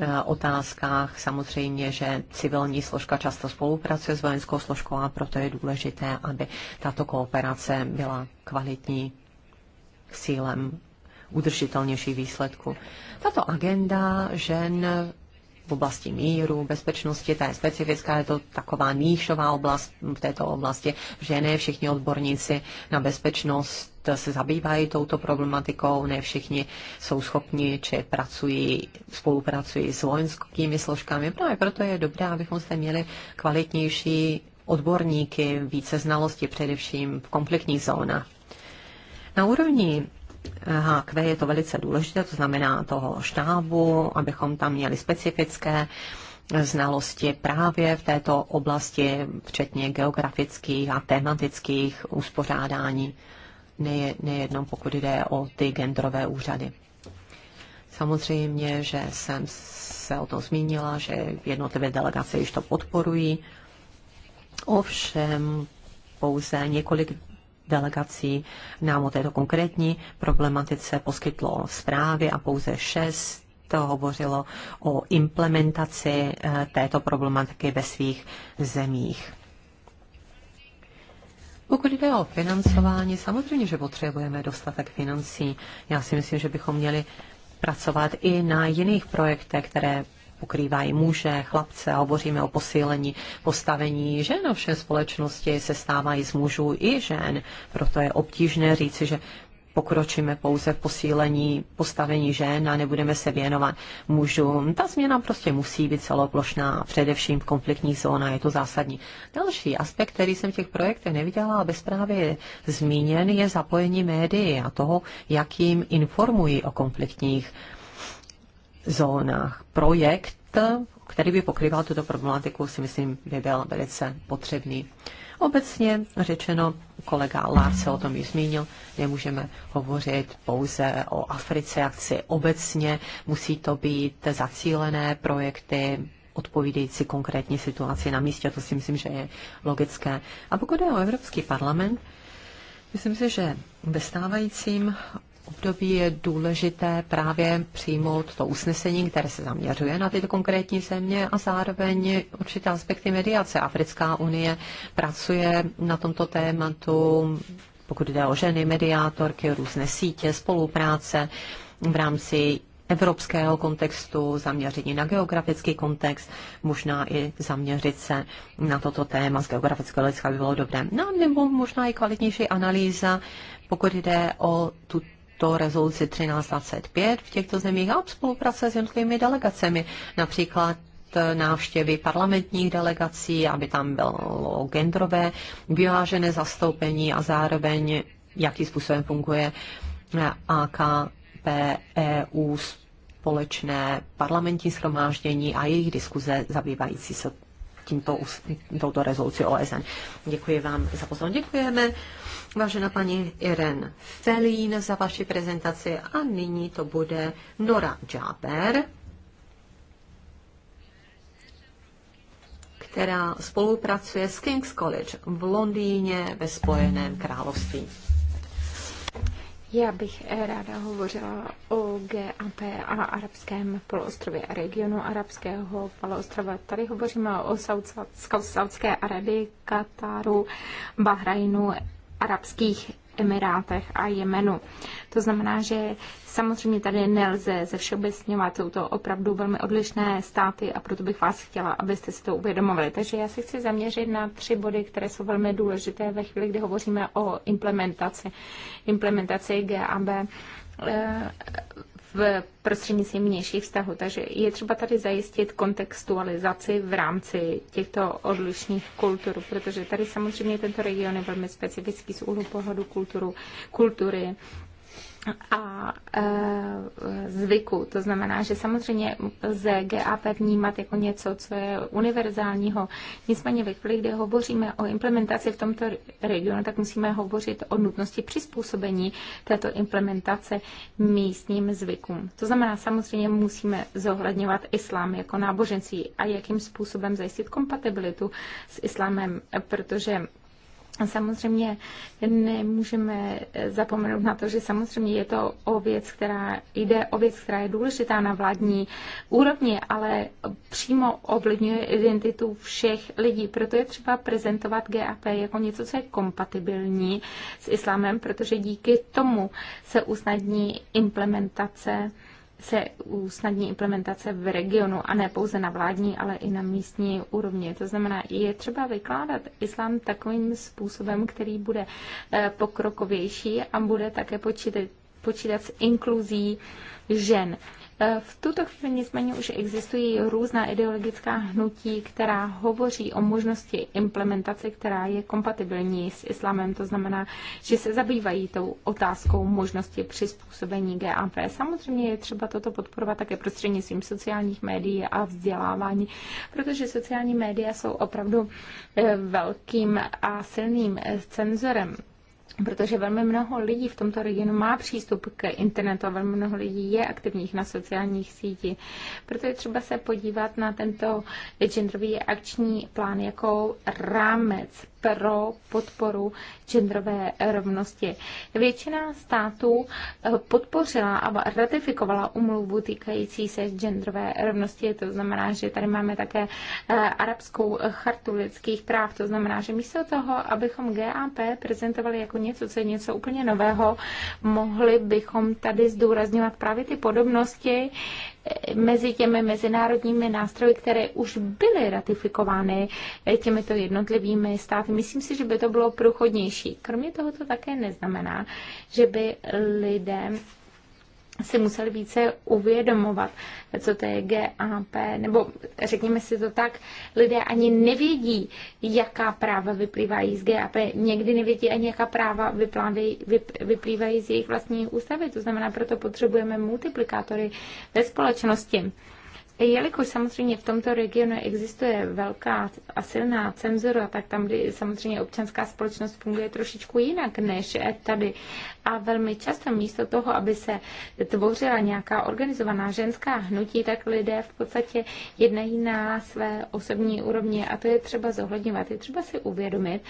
eh, otázkách. Samozřejmě, že civilní složka často spolupracuje s vojenskou složkou a proto je důležité, aby tato kooperace byla kvalitní cílem udržitelnější výsledku. Tato agenda žen v oblasti míru, bezpečnosti, ta je specifická, je to taková míšová oblast v této oblasti, že ne všichni odborníci na bezpečnost se zabývají touto problematikou, ne všichni jsou schopni či pracují, spolupracují s vojenskými složkami. Právě proto je dobré, abychom zde měli kvalitnější odborníky, více znalosti především v konfliktních zónách. Na úrovni HQ je to velice důležité, to znamená toho štábu, abychom tam měli specifické znalosti právě v této oblasti, včetně geografických a tematických uspořádání, nejednou pokud jde o ty genderové úřady. Samozřejmě, že jsem se o tom zmínila, že jednotlivé delegace již to podporují. Ovšem pouze několik delegací nám o této konkrétní problematice poskytlo zprávy a pouze šest to hovořilo o implementaci eh, této problematiky ve svých zemích. Pokud jde o financování, samozřejmě, že potřebujeme dostatek financí. Já si myslím, že bychom měli pracovat i na jiných projektech, které pokrývají muže, chlapce a hovoříme o posílení postavení žen. vše společnosti se stávají z mužů i žen, proto je obtížné říci, že pokročíme pouze v posílení postavení žen a nebudeme se věnovat mužům. Ta změna prostě musí být celoplošná, především v konfliktních zónách, je to zásadní. Další aspekt, který jsem v těch projektech neviděla a bezprávě zmíněn, je zapojení médií a toho, jak jim informují o konfliktních zónách. Projekt, který by pokrýval tuto problematiku, si myslím, by byl velice potřebný. Obecně řečeno, kolega Lars se o tom již zmínil, nemůžeme hovořit pouze o Africe, jak si obecně musí to být zacílené projekty, odpovídající konkrétní situaci na místě, to si myslím, že je logické. A pokud je o Evropský parlament, myslím si, že ve stávajícím období je důležité právě přijmout to usnesení, které se zaměřuje na tyto konkrétní země a zároveň určité aspekty mediace. Africká unie pracuje na tomto tématu, pokud jde o ženy, mediátorky, různé sítě, spolupráce v rámci evropského kontextu, zaměření na geografický kontext, možná i zaměřit se na toto téma z geografického hlediska by bylo dobré. No, nebo možná i kvalitnější analýza, pokud jde o tu tuto rezoluci 1325 v těchto zemích a spolupráce s jednotlivými delegacemi, například eh, návštěvy parlamentních delegací, aby tam bylo genderové vyvážené zastoupení a zároveň, jakým způsobem funguje eh, AKPEU společné parlamentní schromáždění a jejich diskuze zabývající se tímto, touto rezoluci OSN. Děkuji vám za pozornost. Děkujeme Vážená paní Iren Felín za vaši prezentaci a nyní to bude Nora Jaber, která spolupracuje s King's College v Londýně ve Spojeném království. Já bych ráda hovořila o GAP a arabském poloostrově a regionu arabského poloostrova. Tady hovoříme o Saudské Arabii, Kataru, Bahrajnu, Arabských Emirátech a Jemenu. To znamená, že samozřejmě tady nelze ze všeobecňovat, jsou to opravdu velmi odlišné státy a proto bych vás chtěla, abyste si to uvědomovali. Takže já se chci zaměřit na tři body, které jsou velmi důležité ve chvíli, kdy hovoříme o implementaci, implementaci GAB eh, v prostřednictvím mnějších vztahů. Takže je třeba tady zajistit kontextualizaci v rámci těchto odlišných kultur, protože tady samozřejmě tento region je velmi specifický z úhlu pohledu kulturu, kultury, a e, zvyku. To znamená, že samozřejmě lze GAP vnímat jako něco, co je univerzálního. Nicméně ve chvíli, kdy hovoříme o implementaci v tomto regionu, tak musíme hovořit o nutnosti přizpůsobení této implementace místním zvykům. To znamená, samozřejmě musíme zohledňovat islám jako náboženství a jakým způsobem zajistit kompatibilitu s islámem, protože Samozřejmě nemůžeme zapomenout na to, že samozřejmě je to o věc, která jde o věc, která je důležitá na vládní úrovni, ale přímo ovlivňuje identitu všech lidí. Proto je třeba prezentovat GAP jako něco, co je kompatibilní s islámem, protože díky tomu se usnadní implementace se usnadní implementace v regionu a ne pouze na vládní, ale i na místní úrovni. To znamená, je třeba vykládat islám takovým způsobem, který bude eh, pokrokovější a bude také počítat, počítat s inkluzí žen. V tuto chvíli nicméně už existují různá ideologická hnutí, která hovoří o možnosti implementace, která je kompatibilní s islámem. To znamená, že se zabývají tou otázkou možnosti přizpůsobení GAP. Samozřejmě je třeba toto podporovat také prostřednictvím sociálních médií a vzdělávání, protože sociální média jsou opravdu eh, velkým a silným eh, cenzorem protože velmi mnoho lidí v tomto regionu má přístup k internetu a velmi mnoho lidí je aktivních na sociálních sítích. Proto je třeba se podívat na tento genderový akční plán jako rámec pro podporu genderové rovnosti. Většina států eh, podpořila a ratifikovala umluvu týkající se genderové rovnosti. To znamená, že tady máme také eh, arabskou chartu lidských práv. To znamená, že místo toho, abychom GAP prezentovali jako něco, co je něco úplně nového, mohli bychom tady zdůrazňovat právě ty podobnosti mezi těmi mezinárodními nástroji, které už byly ratifikovány těmito jednotlivými státy. Myslím si, že by to bylo průchodnější. Kromě toho to také neznamená, že by lidem si museli více uvědomovat, co to je GAP, nebo řekněme si to tak, lidé ani nevědí, jaká práva vyplývají z GAP, někdy nevědí ani, jaká práva vyplývají, vyplývají z jejich vlastní ústavy, to znamená, proto potřebujeme multiplikátory ve společnosti. Jelikož samozřejmě v tomto regionu existuje velká a silná cenzura, tak tam kdy samozřejmě občanská společnost funguje trošičku jinak než tady. A velmi často místo toho, aby se tvořila nějaká organizovaná ženská hnutí, tak lidé v podstatě jednají na své osobní úrovni a to je třeba zohledňovat. Je třeba si uvědomit,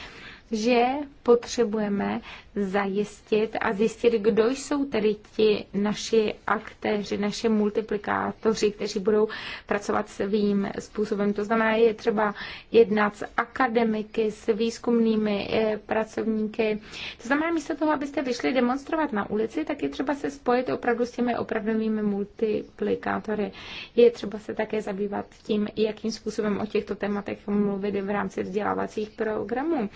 že potřebujeme zajistit a zjistit, kdo jsou tedy ti naši aktéři, naše multiplikátoři, kteří budou pracovat svým způsobem. To znamená, je třeba jednat s akademiky, s výzkumnými eh, pracovníky. To znamená, místo toho, abyste vyšli demonstrovat na ulici, tak je třeba se spojit opravdu s těmi opravdovými multiplikátory. Je třeba se také zabývat tím, jakým způsobem o těchto tématech mluvit v rámci vzdělávacích programů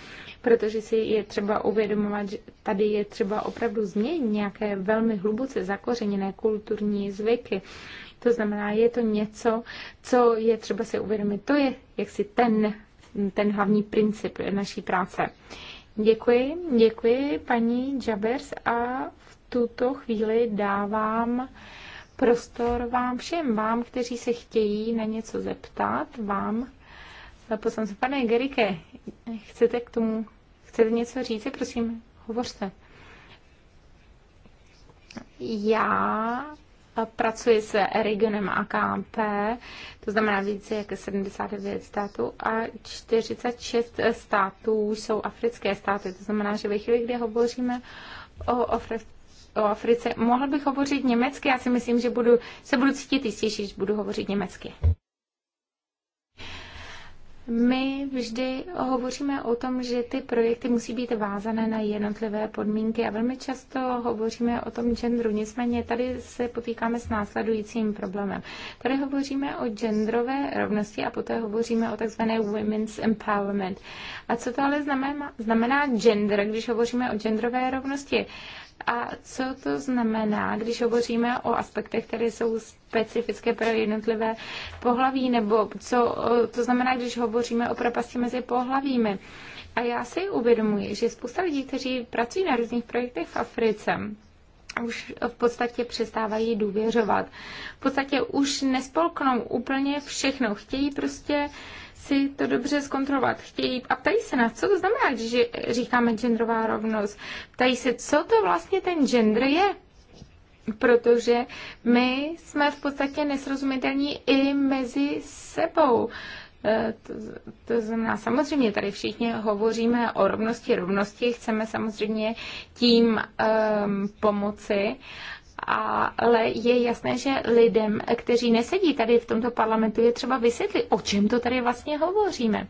protože si je třeba uvědomovat, že tady je třeba opravdu změnit nějaké velmi hluboce zakořeněné kulturní zvyky. To znamená, je to něco, co je třeba si uvědomit. To je jaksi ten, ten hlavní princip naší práce. Děkuji, děkuji paní Jabers a v tuto chvíli dávám prostor vám všem, vám, kteří se chtějí na něco zeptat, vám, se. Pane Gerike, chcete k tomu, chcete něco říct, Prosím, hovořte. Já pracuji s regionem AKP, to znamená více jak 79 států a 46 států jsou africké státy. To znamená, že ve chvíli, kdy hovoříme o, o o Africe. Mohl bych hovořit německy, já si myslím, že budu, se budu cítit jistější, když budu hovořit německy. My vždy hovoříme o tom, že ty projekty musí být vázané na jednotlivé podmínky a velmi často hovoříme o tom genderu. Nicméně tady se potýkáme s následujícím problémem. Tady hovoříme o genderové rovnosti a poté hovoříme o takzvané women's empowerment. A co to ale znamená, znamená gender, když hovoříme o genderové rovnosti? A co to znamená, když hovoříme o aspektech, které jsou specifické pro jednotlivé pohlaví, nebo co to znamená, když hovoříme o propasti mezi pohlavími? A já si uvědomuji, že spousta lidí, kteří pracují na různých projektech v Africe, už v podstatě přestávají důvěřovat. V podstatě už nespolknou úplně všechno. Chtějí prostě si to dobře zkontrolovat. Chtějí a ptají se nás, co to znamená, když říkáme genderová rovnost. Ptají se, co to vlastně ten gender je protože my jsme v podstatě nesrozumitelní i mezi sebou. E, to, to znamená, samozřejmě tady všichni hovoříme o rovnosti, rovnosti, chceme samozřejmě tím um, pomoci, ale je jasné, že lidem, kteří nesedí tady v tomto parlamentu, je třeba vysvětlit, o čem to tady vlastně hovoříme.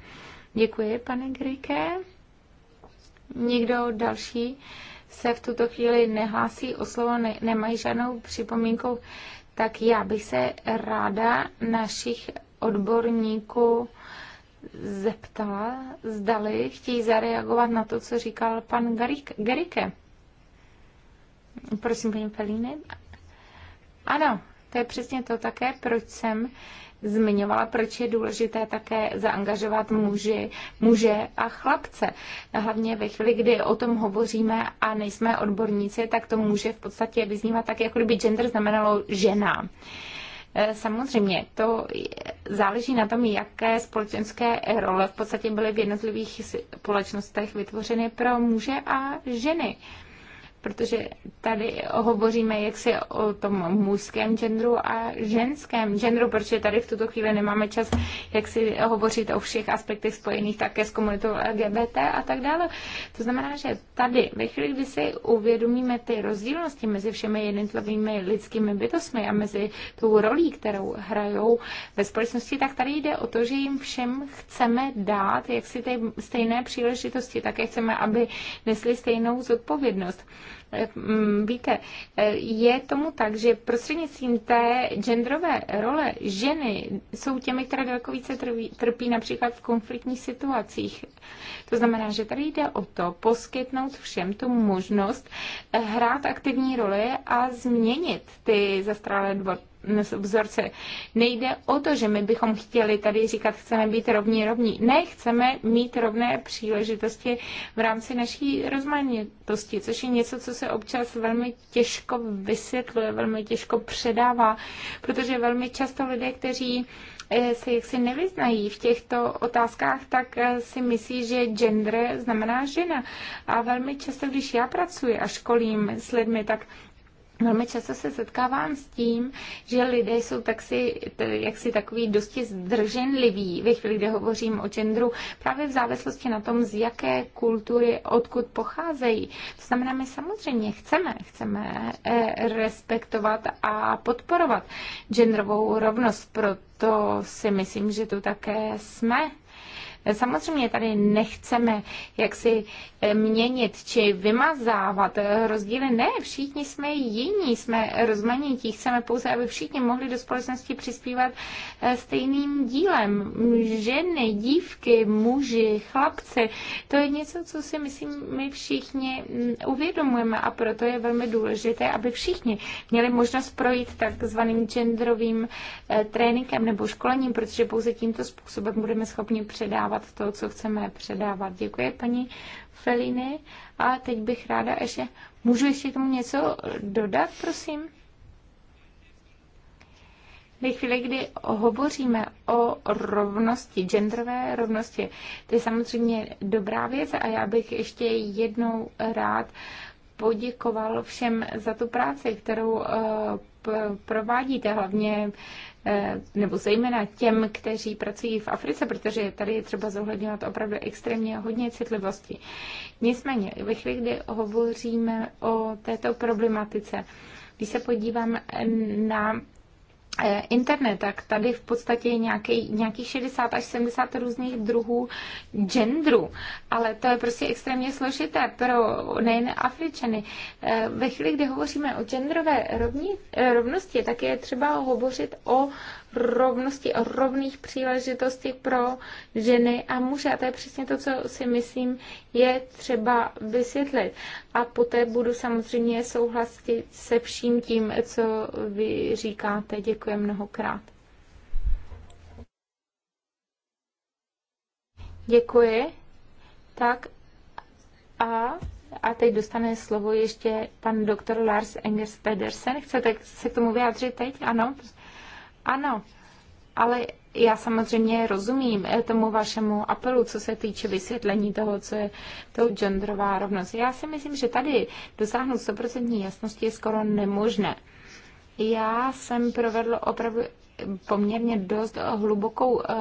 Děkuji, pane Grike. Nikdo další se v tuto chvíli nehlásí o slovo, ne, nemají žádnou připomínku, tak já bych se ráda našich odborníků zeptala, zdali chtějí zareagovat na to, co říkal pan Garike. Prosím, paní Felíny. Ano, to je přesně to také, proč jsem zmiňovala, proč je důležité také zaangažovat muži, muže a chlapce. Hlavně ve chvíli, kdy o tom hovoříme a nejsme odborníci, tak to může v podstatě vyznívat tak, jako kdyby gender znamenalo žena. E, samozřejmě, to záleží na tom, jaké společenské role v podstatě byly v jednotlivých společnostech vytvořeny pro muže a ženy protože tady hovoříme jaksi o tom mužském genderu a ženském genderu, protože tady v tuto chvíli nemáme čas, jak si hovořit o všech aspektech spojených také s komunitou LGBT a tak dále. To znamená, že tady, ve chvíli, kdy si uvědomíme ty rozdílnosti mezi všemi jednotlivými lidskými bytostmi a mezi tou rolí, kterou hrajou ve společnosti, tak tady jde o to, že jim všem chceme dát jaksi ty stejné příležitosti, také chceme, aby nesli stejnou zodpovědnost. Eh, mm, víte, eh, je tomu tak, že prostřednictvím té genderové role ženy jsou těmi, které daleko více trví, trpí například v konfliktních situacích. To znamená, že tady jde o to poskytnout všem tu možnost eh, hrát aktivní roli a změnit ty dvory vzorce. Nejde o to, že my bychom chtěli tady říkat, chceme být rovní rovní. Ne, chceme mít rovné příležitosti v rámci naší rozmanitosti, což je něco, co se občas velmi těžko vysvětluje, velmi těžko předává, protože velmi často lidé, kteří eh, se jaksi nevyznají v těchto otázkách, tak eh, si myslí, že gender znamená žena. A velmi často, když já pracuji a školím s lidmi, tak Velmi často se setkávám s tím, že lidé jsou tak jak jaksi takový dosti zdrženliví ve chvíli, kdy hovořím o genderu, právě v závislosti na tom, z jaké kultury, odkud pocházejí. To znamená, my samozřejmě chceme, chceme eh, respektovat a podporovat genderovou rovnost, proto si myslím, že tu také jsme. Samozřejmě tady nechceme jaksi eh, měnit či vymazávat eh, rozdíly. Ne, všichni jsme jiní, jsme rozmanití. Chceme pouze, aby všichni mohli do společnosti přispívat eh, stejným dílem. Ženy, dívky, muži, chlapci. To je něco, co si myslím, my všichni mm, uvědomujeme a proto je velmi důležité, aby všichni měli možnost projít takzvaným genderovým tréninkem nebo školením, protože pouze tímto způsobem budeme schopni předávat dosávat to, co chceme předávat. Děkuji paní Feliny. A teď bych ráda ještě, můžu ještě tomu něco dodat, prosím? Ve chvíli, kdy hovoříme o rovnosti, genderové rovnosti, to je samozřejmě dobrá věc a já bych ještě jednou rád poděkoval všem za tu práci, kterou eh, provádíte, hlavně Eh, nebo zejména těm, kteří pracují v Africe, protože tady je třeba zohledňovat opravdu extrémně hodně citlivosti. Nicméně, ve chvíli, kdy hovoříme o této problematice, když se podívám na Eh, internet, tak tady v podstatě je nějaký, nějakých 60 až 70 různých druhů genderu, ale to je prostě extrémně složité pro nejen Afričany. Eh, ve chvíli, kdy hovoříme o genderové eh, rovnosti, tak je třeba hovořit o rovnosti a rovných příležitostí pro ženy a muže. A to je přesně to, co si myslím, je třeba vysvětlit. A poté budu samozřejmě souhlasit se vším tím, co vy říkáte. Děkuji mnohokrát. Děkuji. Tak a, a teď dostane slovo ještě pan doktor Lars Engers Pedersen. Chcete se k tomu vyjádřit teď? Ano, ano, ale já samozřejmě rozumím eh, tomu vašemu apelu, co se týče vysvětlení toho, co je to genderová rovnost. Já si myslím, že tady dosáhnout 100% jasnosti je skoro nemožné. Já jsem provedl opravdu poměrně dost hlubokou eh,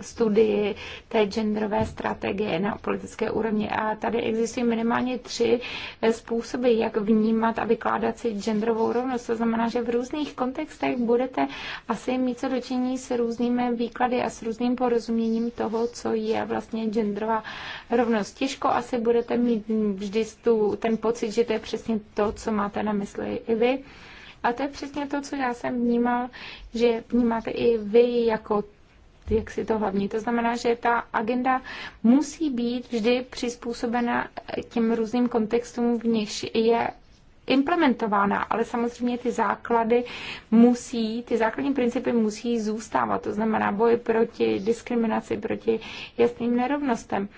studii té genderové strategie na politické úrovni a tady existují minimálně tři eh, způsoby, jak vnímat a vykládat si genderovou rovnost. To znamená, že v různých kontextech budete asi mít co dočinění s různými výklady a s různým porozuměním toho, co je vlastně genderová rovnost. Těžko asi budete mít vždy tu, ten pocit, že to je přesně to, co máte na mysli i vy. A to je přesně to, co já jsem vnímal, že vnímáte i vy jako jak si to hlavní. To znamená, že ta agenda musí být vždy přizpůsobena těm různým kontextům, v nichž je implementována, ale samozřejmě ty základy musí, ty základní principy musí zůstávat, to znamená boj proti diskriminaci, proti jasným nerovnostem.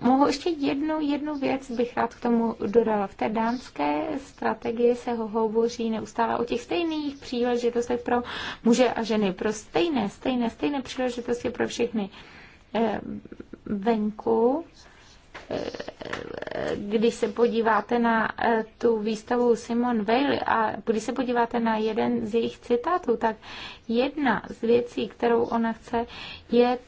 Mohu ještě jednu, jednu věc bych rád k tomu dodala. V té dánské strategii se ho hovoří neustále o těch stejných příležitostech pro muže a ženy, pro stejné, stejné, stejné příležitosti pro všechny e, venku e, když se podíváte na e, tu výstavu Simon Weil a když se podíváte na jeden z jejich citátů, tak jedna z věcí, kterou ona chce, je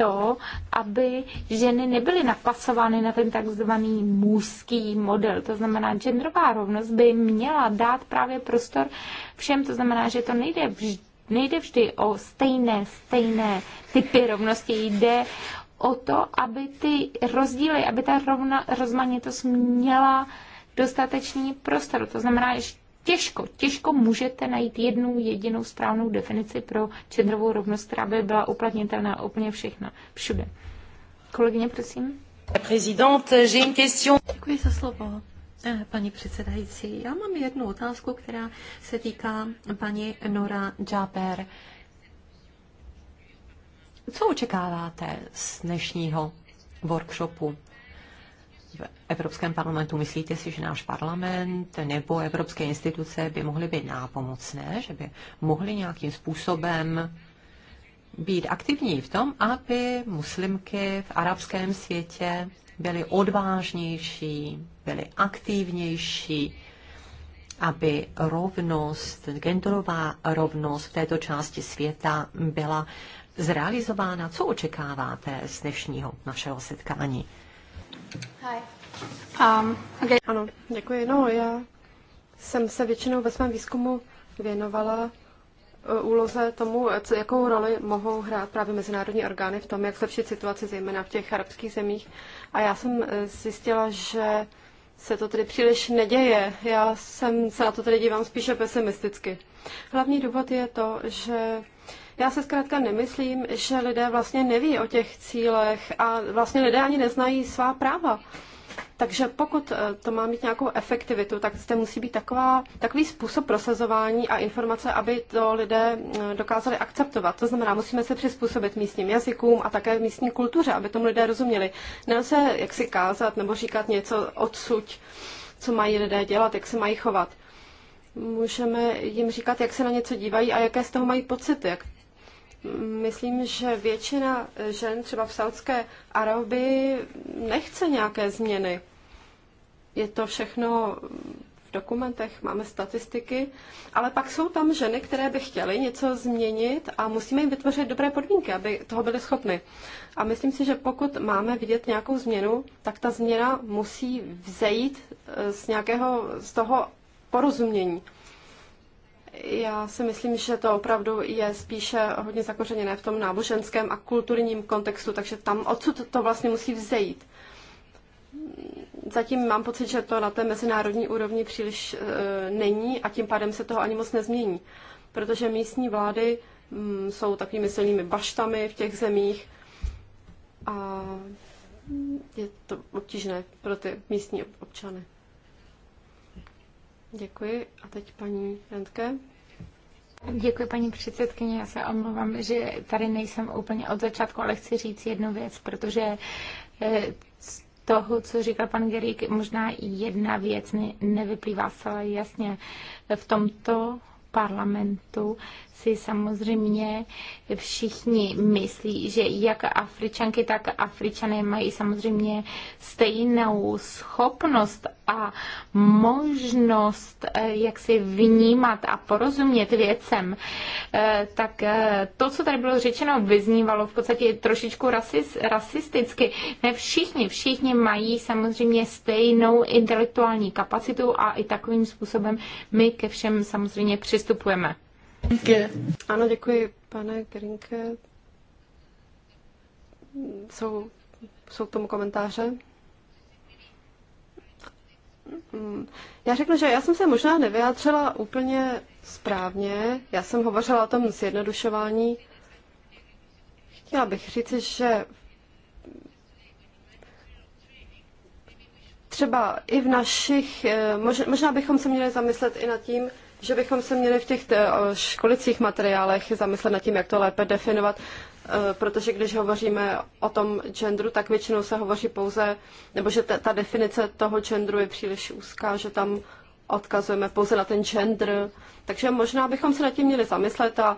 to, aby ženy nebyly napasovány na ten takzvaný mužský model. To znamená, genderová rovnost by měla dát právě prostor všem. To znamená, že to nejde vždy, nejde vždy o stejné, stejné typy rovnosti. Jde o to, aby ty rozdíly, aby ta rovna, rozmanitost měla dostatečný prostor. To znamená, že těžko, těžko můžete najít jednu jedinou správnou definici pro genderovou rovnost, která by byla uplatnitelná úplně všechna, všude. Kolegyně, prosím. Děkuji za slovo. Eh, paní předsedající, já mám jednu otázku, která se týká paní Nora Jaber. Co očekáváte z dnešního workshopu? v Evropském parlamentu. Myslíte si, že náš parlament nebo evropské instituce by mohly být nápomocné, že by mohly nějakým způsobem být aktivní v tom, aby muslimky v arabském světě byly odvážnější, byly aktivnější, aby rovnost, genderová rovnost v této části světa byla zrealizována. Co očekáváte z dnešního našeho setkání? Hi. Um, okay. Ano, děkuji. No, já jsem se většinou ve svém výzkumu věnovala e, úloze tomu, co, jakou roli mohou hrát právě mezinárodní orgány v tom, jak zlepšit situaci, zejména v těch arabských zemích. A já jsem e, zjistila, že se to tedy příliš neděje. Já jsem se na to tedy dívám spíše pesimisticky. Hlavní důvod je to, že já se zkrátka nemyslím, že lidé vlastně neví o těch cílech a vlastně lidé ani neznají svá práva. Takže pokud eh, to má mít nějakou efektivitu, tak zde musí být taková, takový způsob prosazování a informace, aby to lidé eh, dokázali akceptovat. To znamená, musíme se přizpůsobit místním jazykům a také místní kultuře, aby tomu lidé rozuměli. Nelze jak si kázat nebo říkat něco odsuť, co mají lidé dělat, jak se mají chovat. Můžeme jim říkat, jak se na něco dívají a jaké z toho mají pocity, jak Myslím, že většina žen třeba v Saudské Arabii nechce nějaké změny. Je to všechno v dokumentech, máme statistiky, ale pak jsou tam ženy, které by chtěly něco změnit a musíme jim vytvořit dobré podmínky, aby toho byly schopny. A myslím si, že pokud máme vidět nějakou změnu, tak ta změna musí vzejít eh, z nějakého, z toho porozumění. Já si myslím, že to opravdu je spíše hodně zakořeněné v tom náboženském a kulturním kontextu, takže tam odsud to vlastně musí vzejít. Zatím mám pocit, že to na té mezinárodní úrovni příliš e, není a tím pádem se toho ani moc nezmění, protože místní vlády m, mm, jsou takovými silnými baštami v těch zemích a je to obtížné pro ty místní občany. Děkuji. A teď paní Jantke. Děkuji, paní předsedkyně. Já se omlouvám, že tady nejsem úplně od začátku, ale chci říct jednu věc, protože eh, z toho, co říkal pan Gerík, možná jedna věc nevyplývá zcela jasně. V tomto parlamentu si samozřejmě všichni myslí, že jak Afričanky, tak Afričané mají samozřejmě stejnou schopnost a možnost, eh, jak si vnímat a porozumět věcem, eh, tak eh, to, co tady bylo řečeno, vyznívalo v podstatě trošičku rasist, rasisticky. Ne všichni, všichni mají samozřejmě stejnou intelektuální kapacitu a i takovým způsobem my ke všem samozřejmě přistupujeme. Grinke. Ano, děkuji, pane Grinke. Jsou, jsou k tomu komentáře? Hmm. Já řeknu, že já jsem se možná nevyjádřila úplně správně. Já jsem hovořila o tom zjednodušování. Chtěla bych říci, že třeba i v našich, eh, možná bychom se měli zamyslet i nad tím, že bychom se měli v těch eh, školicích materiálech zamyslet nad tím, jak to lépe definovat, eh, protože když hovoříme o tom genderu, tak většinou se hovoří pouze, nebo že ta definice toho genderu je příliš úzká, že tam odkazujeme pouze na ten gender. Takže možná bychom se nad tím měli zamyslet a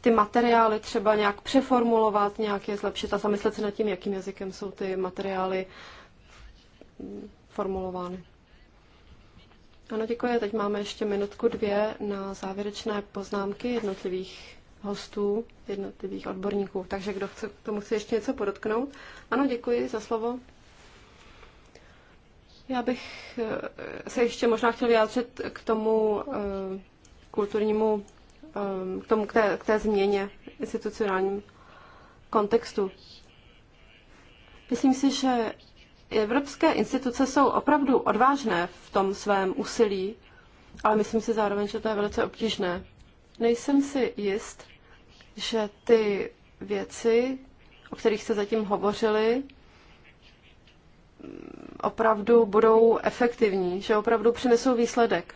ty materiály třeba nějak přeformulovat, nějak je zlepšit a zamyslet se nad tím, jakým jazykem jsou ty materiály mm, formulovány. Ano, děkuji. Teď máme ještě minutku dvě na závěrečné poznámky jednotlivých hostů, jednotlivých odborníků. Takže kdo chce, tomu musí ještě něco podotknout? Ano, děkuji za slovo. Já bych eh, se ještě možná chtěl vyjádřit k tomu eh, kulturnímu, eh, k, tomu, k, té, k té změně institucionálním kontextu. Myslím si, že Evropské instituce jsou opravdu odvážné v tom svém úsilí, ale myslím si zároveň, že to je velice obtížné. Nejsem si jist, že ty věci, o kterých se zatím hovořili, opravdu budou efektivní, že opravdu přinesou výsledek.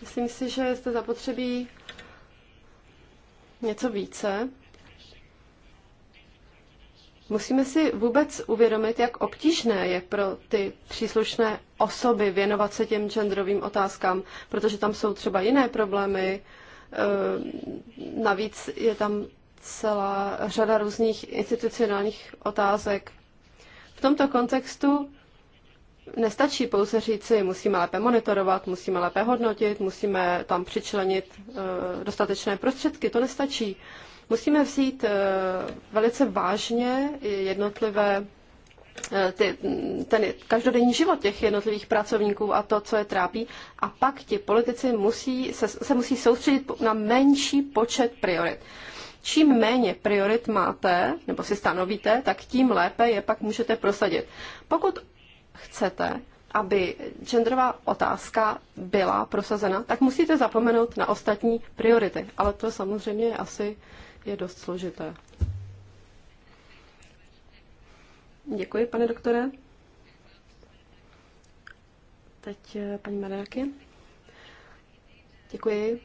Myslím si, že jste zapotřebí něco více. Musíme si vůbec uvědomit, jak obtížné je pro ty příslušné osoby věnovat se těm genderovým otázkám, protože tam jsou třeba jiné problémy. Eh, navíc je tam celá řada různých institucionálních otázek. V tomto kontextu nestačí pouze říci, musíme lépe monitorovat, musíme lépe hodnotit, musíme tam přičlenit eh, dostatečné prostředky. To nestačí. Musíme vzít eh, velice vážně jednotlivé eh, ty, ten každodenní život těch jednotlivých pracovníků a to, co je trápí. A pak ti politici musí, se, se musí soustředit na menší počet priorit. Čím méně priorit máte nebo si stanovíte, tak tím lépe je pak můžete prosadit. Pokud chcete, aby genderová otázka byla prosazena, tak musíte zapomenout na ostatní priority. Ale to samozřejmě je asi je dost složité. Děkuji, pane doktore. Teď eh, paní Marenaky. Děkuji.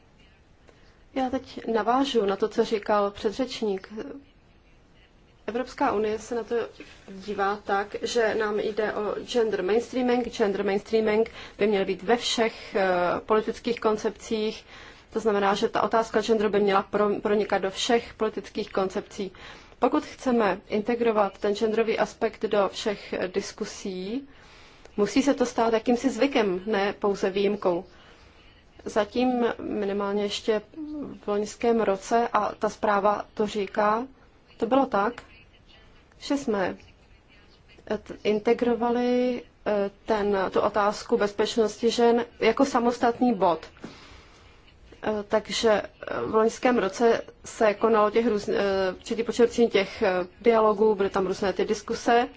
Já teď navážu na to, co říkal předřečník. Evropská unie se na to dívá tak, že nám jde o gender mainstreaming. Gender mainstreaming by měl být ve všech eh, politických koncepcích, to znamená, že ta otázka genderu by měla pronikat do všech politických koncepcí. Pokud chceme integrovat ten genderový aspekt do všech diskusí, musí se to stát jakýmsi zvykem, ne pouze výjimkou. Zatím minimálně ještě v loňském roce, a ta zpráva to říká, to bylo tak, že jsme integrovali eh, ten, tu otázku bezpečnosti žen jako samostatný bod. Eh, takže eh, v loňském roce se konalo těch různ, určitý eh, počet těch dialogů, byly tam různé ty diskuse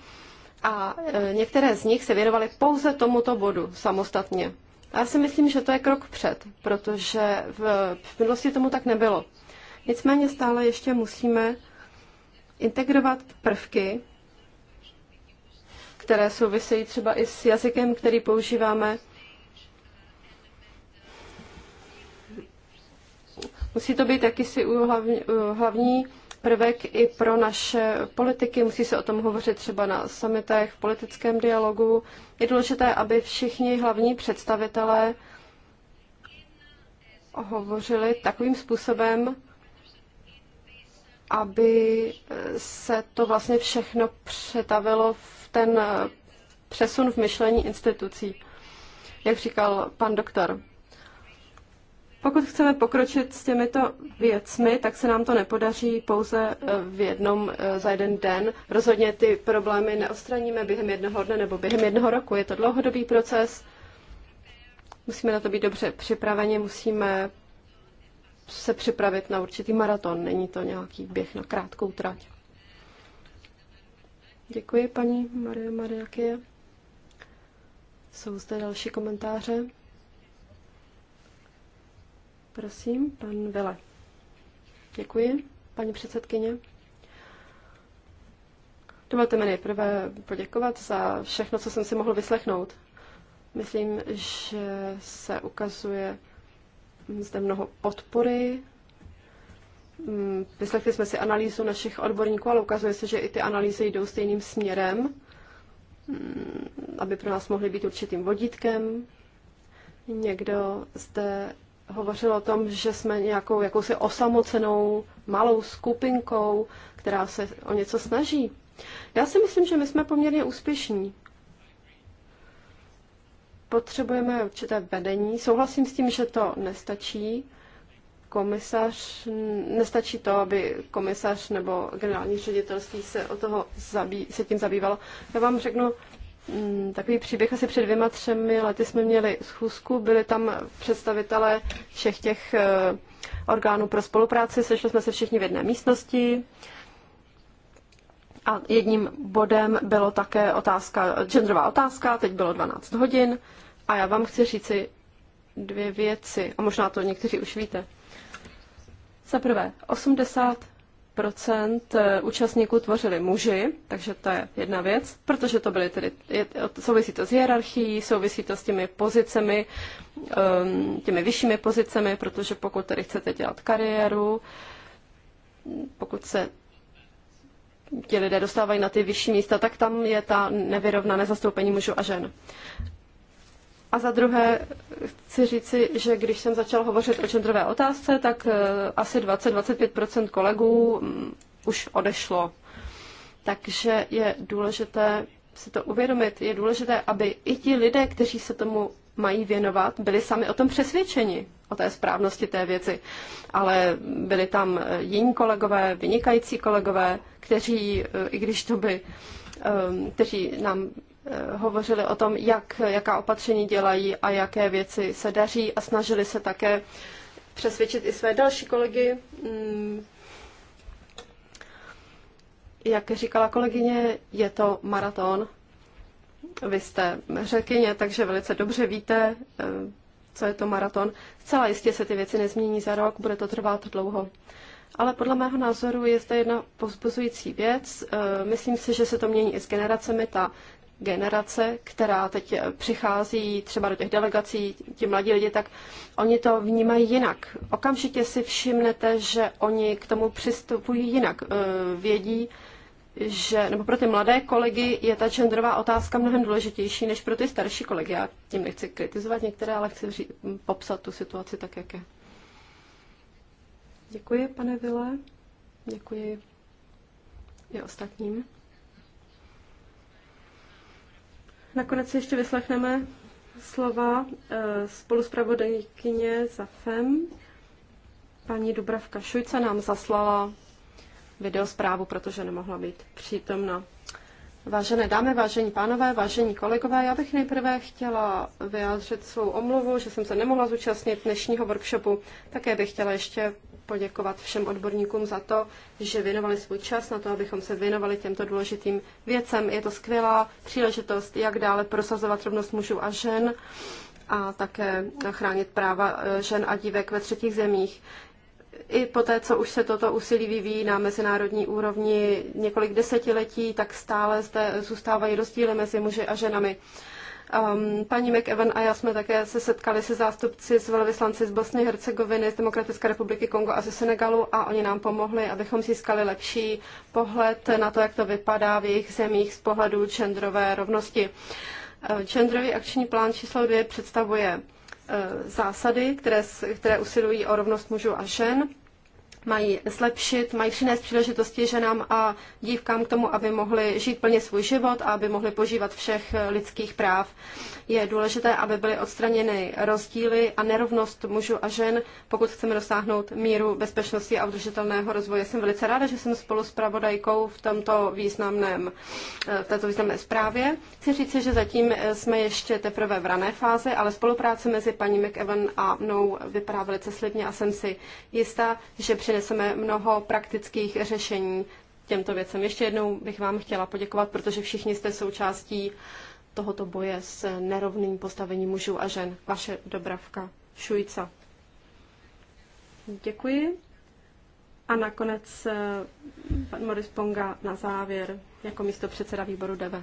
a některé z nich se věnovaly pouze tomuto bodu samostatně. já si myslím, že to je krok před, protože v, v minulosti tomu tak nebylo. Nicméně stále ještě musíme integrovat prvky, které souvisejí třeba i s jazykem, který používáme Musí to být jakýsi hlavní, hlavní prvek i pro naše politiky. Musí se o tom hovořit třeba na samitech, v politickém dialogu. Je důležité, aby všichni hlavní představitelé hovořili takovým způsobem, aby se to vlastně všechno přetavilo v ten přesun v myšlení institucí, jak říkal pan doktor. Pokud chceme pokročit s těmito věcmi, tak se nám to nepodaří pouze eh, v jednom, eh, za jeden den. Rozhodně ty problémy neostraníme během jednoho dne nebo během jednoho roku. Je to dlouhodobý proces. Musíme na to být dobře připraveni, musíme se připravit na určitý maraton. Není to nějaký běh na krátkou trať. Děkuji, paní Maria Mariakie. Jsou zde další komentáře? Prosím, pan Vele. Děkuji, paní předsedkyně. Dovolte mi nejprve poděkovat za všechno, co jsem si mohl vyslechnout. Myslím, že se ukazuje zde mnoho podpory. Mm, vyslechli jsme si analýzu našich odborníků, ale ukazuje se, že i ty analýzy jdou stejným směrem, mm, aby pro nás mohly být určitým vodítkem. Někdo zde hovořil o tom, že jsme nějakou jakousi osamocenou malou skupinkou, která se o něco snaží. Já si myslím, že my jsme poměrně úspěšní. Potřebujeme určité vedení. Souhlasím s tím, že to nestačí. Komisař, nestačí to, aby komisař nebo generální ředitelství se, o toho zabí, se tím zabývalo. Já vám řeknu, Mm, takový příběh. Asi před dvěma, třemi lety jsme měli schůzku, byli tam představitelé všech těch eh, orgánů pro spolupráci, sešli jsme se všichni v jedné místnosti. A jedním bodem bylo také otázka, genderová otázka, teď bylo 12 hodin a já vám chci říci dvě věci, a možná to někteří už víte. Za prvé, 80 Eh, účastníků tvořili muži, takže to je jedna věc, protože to byly tedy, souvisí to s hierarchií, souvisí to s těmi pozicemi, ehm, těmi vyššími pozicemi, protože pokud tedy chcete dělat kariéru, pokud se ti lidé dostávají na ty vyšší místa, tak tam je ta nevyrovnané zastoupení mužů a žen. A za druhé chci říci, že když jsem začal hovořit o genderové otázce, tak eh, asi 20-25 kolegů mm, už odešlo. Takže je důležité si to uvědomit. Je důležité, aby i ti lidé, kteří se tomu mají věnovat, byli sami o tom přesvědčeni, o té správnosti té věci. Ale byli tam eh, jiní kolegové, vynikající kolegové, kteří, eh, i když to by, kteří nám Eh, hovořili o tom, jak, jaká opatření dělají a jaké věci se daří a snažili se také přesvědčit i své další kolegy. Mm, jak říkala kolegyně, je to maraton. Vy jste řekyně, takže velice dobře víte, eh, co je to maraton. Zcela jistě se ty věci nezmění za rok, bude to trvat dlouho. Ale podle mého názoru je zde jedna povzbuzující věc. Eh, myslím si, že se to mění i s generacemi. Ta generace, která teď přichází třeba do těch delegací, ti mladí lidi, tak oni to vnímají jinak. Okamžitě si všimnete, že oni k tomu přistupují jinak. E, vědí, že, nebo pro ty mladé kolegy je ta genderová otázka mnohem důležitější než pro ty starší kolegy. Já tím nechci kritizovat některé, ale chci ří, popsat tu situaci tak, jak je. Děkuji, pane Vile. Děkuji i ostatním. Nakonec ještě vyslechneme slova eh, spoluspravodajkyně za FEM. Paní Dubravka Šujca nám zaslala videosprávu, protože nemohla být přítomna. Vážené dámy, vážení pánové, vážení kolegové, já bych nejprve chtěla vyjádřit svou omluvu, že jsem se nemohla zúčastnit dnešního workshopu. Také bych chtěla ještě poděkovat všem odborníkům za to, že věnovali svůj čas na to, abychom se věnovali těmto důležitým věcem. Je to skvělá příležitost, jak dále prosazovat rovnost mužů a žen a také chránit práva eh, žen a dívek ve třetích zemích i po té, co už se toto úsilí vyvíjí na mezinárodní úrovni několik desetiletí, tak stále zde zůstávají rozdíly mezi muži a ženami. Um, paní McEvan a já jsme také se setkali se zástupci z velvyslanci z Bosny, Hercegoviny, z Demokratické republiky Kongo a ze Senegalu a oni nám pomohli, abychom získali lepší pohled na to, jak to vypadá v jejich zemích z pohledu genderové rovnosti. Uh, genderový akční plán číslo dvě představuje Eh, zásady, které, které usilují o rovnost mužů a žen, mají zlepšit, mají přinést příležitosti ženám a dívkám k tomu, aby mohly žít plně svůj život a aby mohly požívat všech eh, lidských práv. Je důležité, aby byly odstraněny rozdíly a nerovnost mužů a žen, pokud chceme dosáhnout míru bezpečnosti a udržitelného rozvoje. Jsem velice ráda, že jsem spolu s pravodajkou v, tomto významném, eh, v této významné zprávě. Chci říci, že zatím eh, jsme ještě teprve v rané fázi, ale spolupráce mezi paní McEwen a mnou vypadá velice slibně a jsem si jistá, že přineseme mnoho praktických řešení těmto věcem. Ještě jednou bych vám chtěla poděkovat, protože všichni jste součástí tohoto boje s nerovným postavením mužů a žen. Vaše dobravka Šujca. Děkuji. A nakonec eh, pan Moris Ponga na závěr jako místo předseda výboru DV.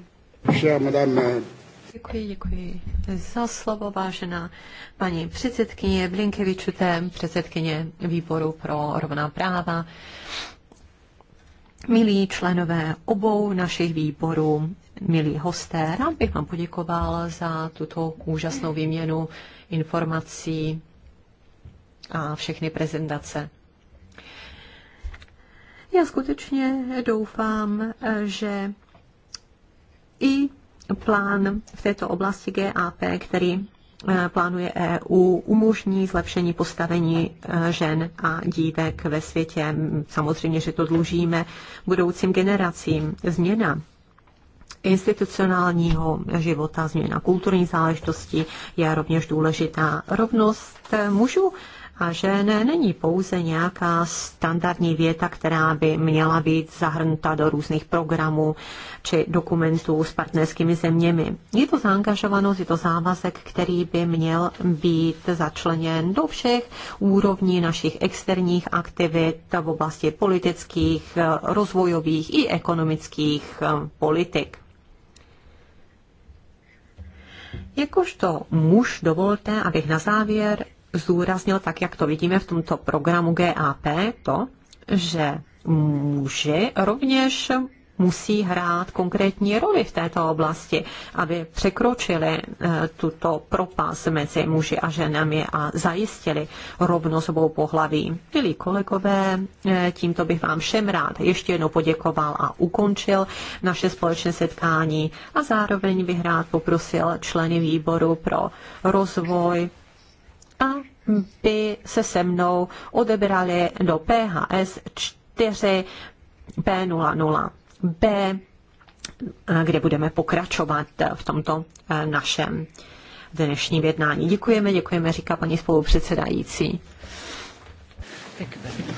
Děkuji, děkuji za slovo, vážená paní předsedkyně Blinkevičuté, předsedkyně výboru pro rovná práva. Milí členové obou našich výborů, milí hosté. Rád bych vám poděkoval za tuto úžasnou výměnu informací a všechny prezentace. Já skutečně doufám, že i plán v této oblasti GAP, který eh, plánuje EU, umožní zlepšení postavení eh, žen a dívek ve světě. Samozřejmě, že to dlužíme budoucím generacím. Změna institucionálního života, změna kulturní záležitosti je rovněž důležitá. Rovnost mužů a žen není pouze nějaká standardní věta, která by měla být zahrnuta do různých programů či dokumentů s partnerskými zeměmi. Je to zaangažovanost, je to závazek, který by měl být začleněn do všech úrovní našich externích aktivit v oblasti politických, rozvojových i ekonomických politik. Jakožto muž dovolte, abych na závěr zúraznil tak jak to vidíme v tomto programu GAP, to, že muži rovněž musí hrát konkrétní roli v této oblasti, aby překročili eh, tuto propas mezi muži a ženami a zajistili rovnost obou pohlaví. Milí kolegové, eh, tímto bych vám všem rád ještě jednou poděkoval a ukončil naše společné setkání a zároveň bych rád poprosil členy výboru pro rozvoj a by se se mnou odebrali do PHS 4 P00. B, kde budeme pokračovat v tomto eh, našem dnešním jednání. Děkujeme, děkujeme, říká paní spolupředsedající. Děkujeme.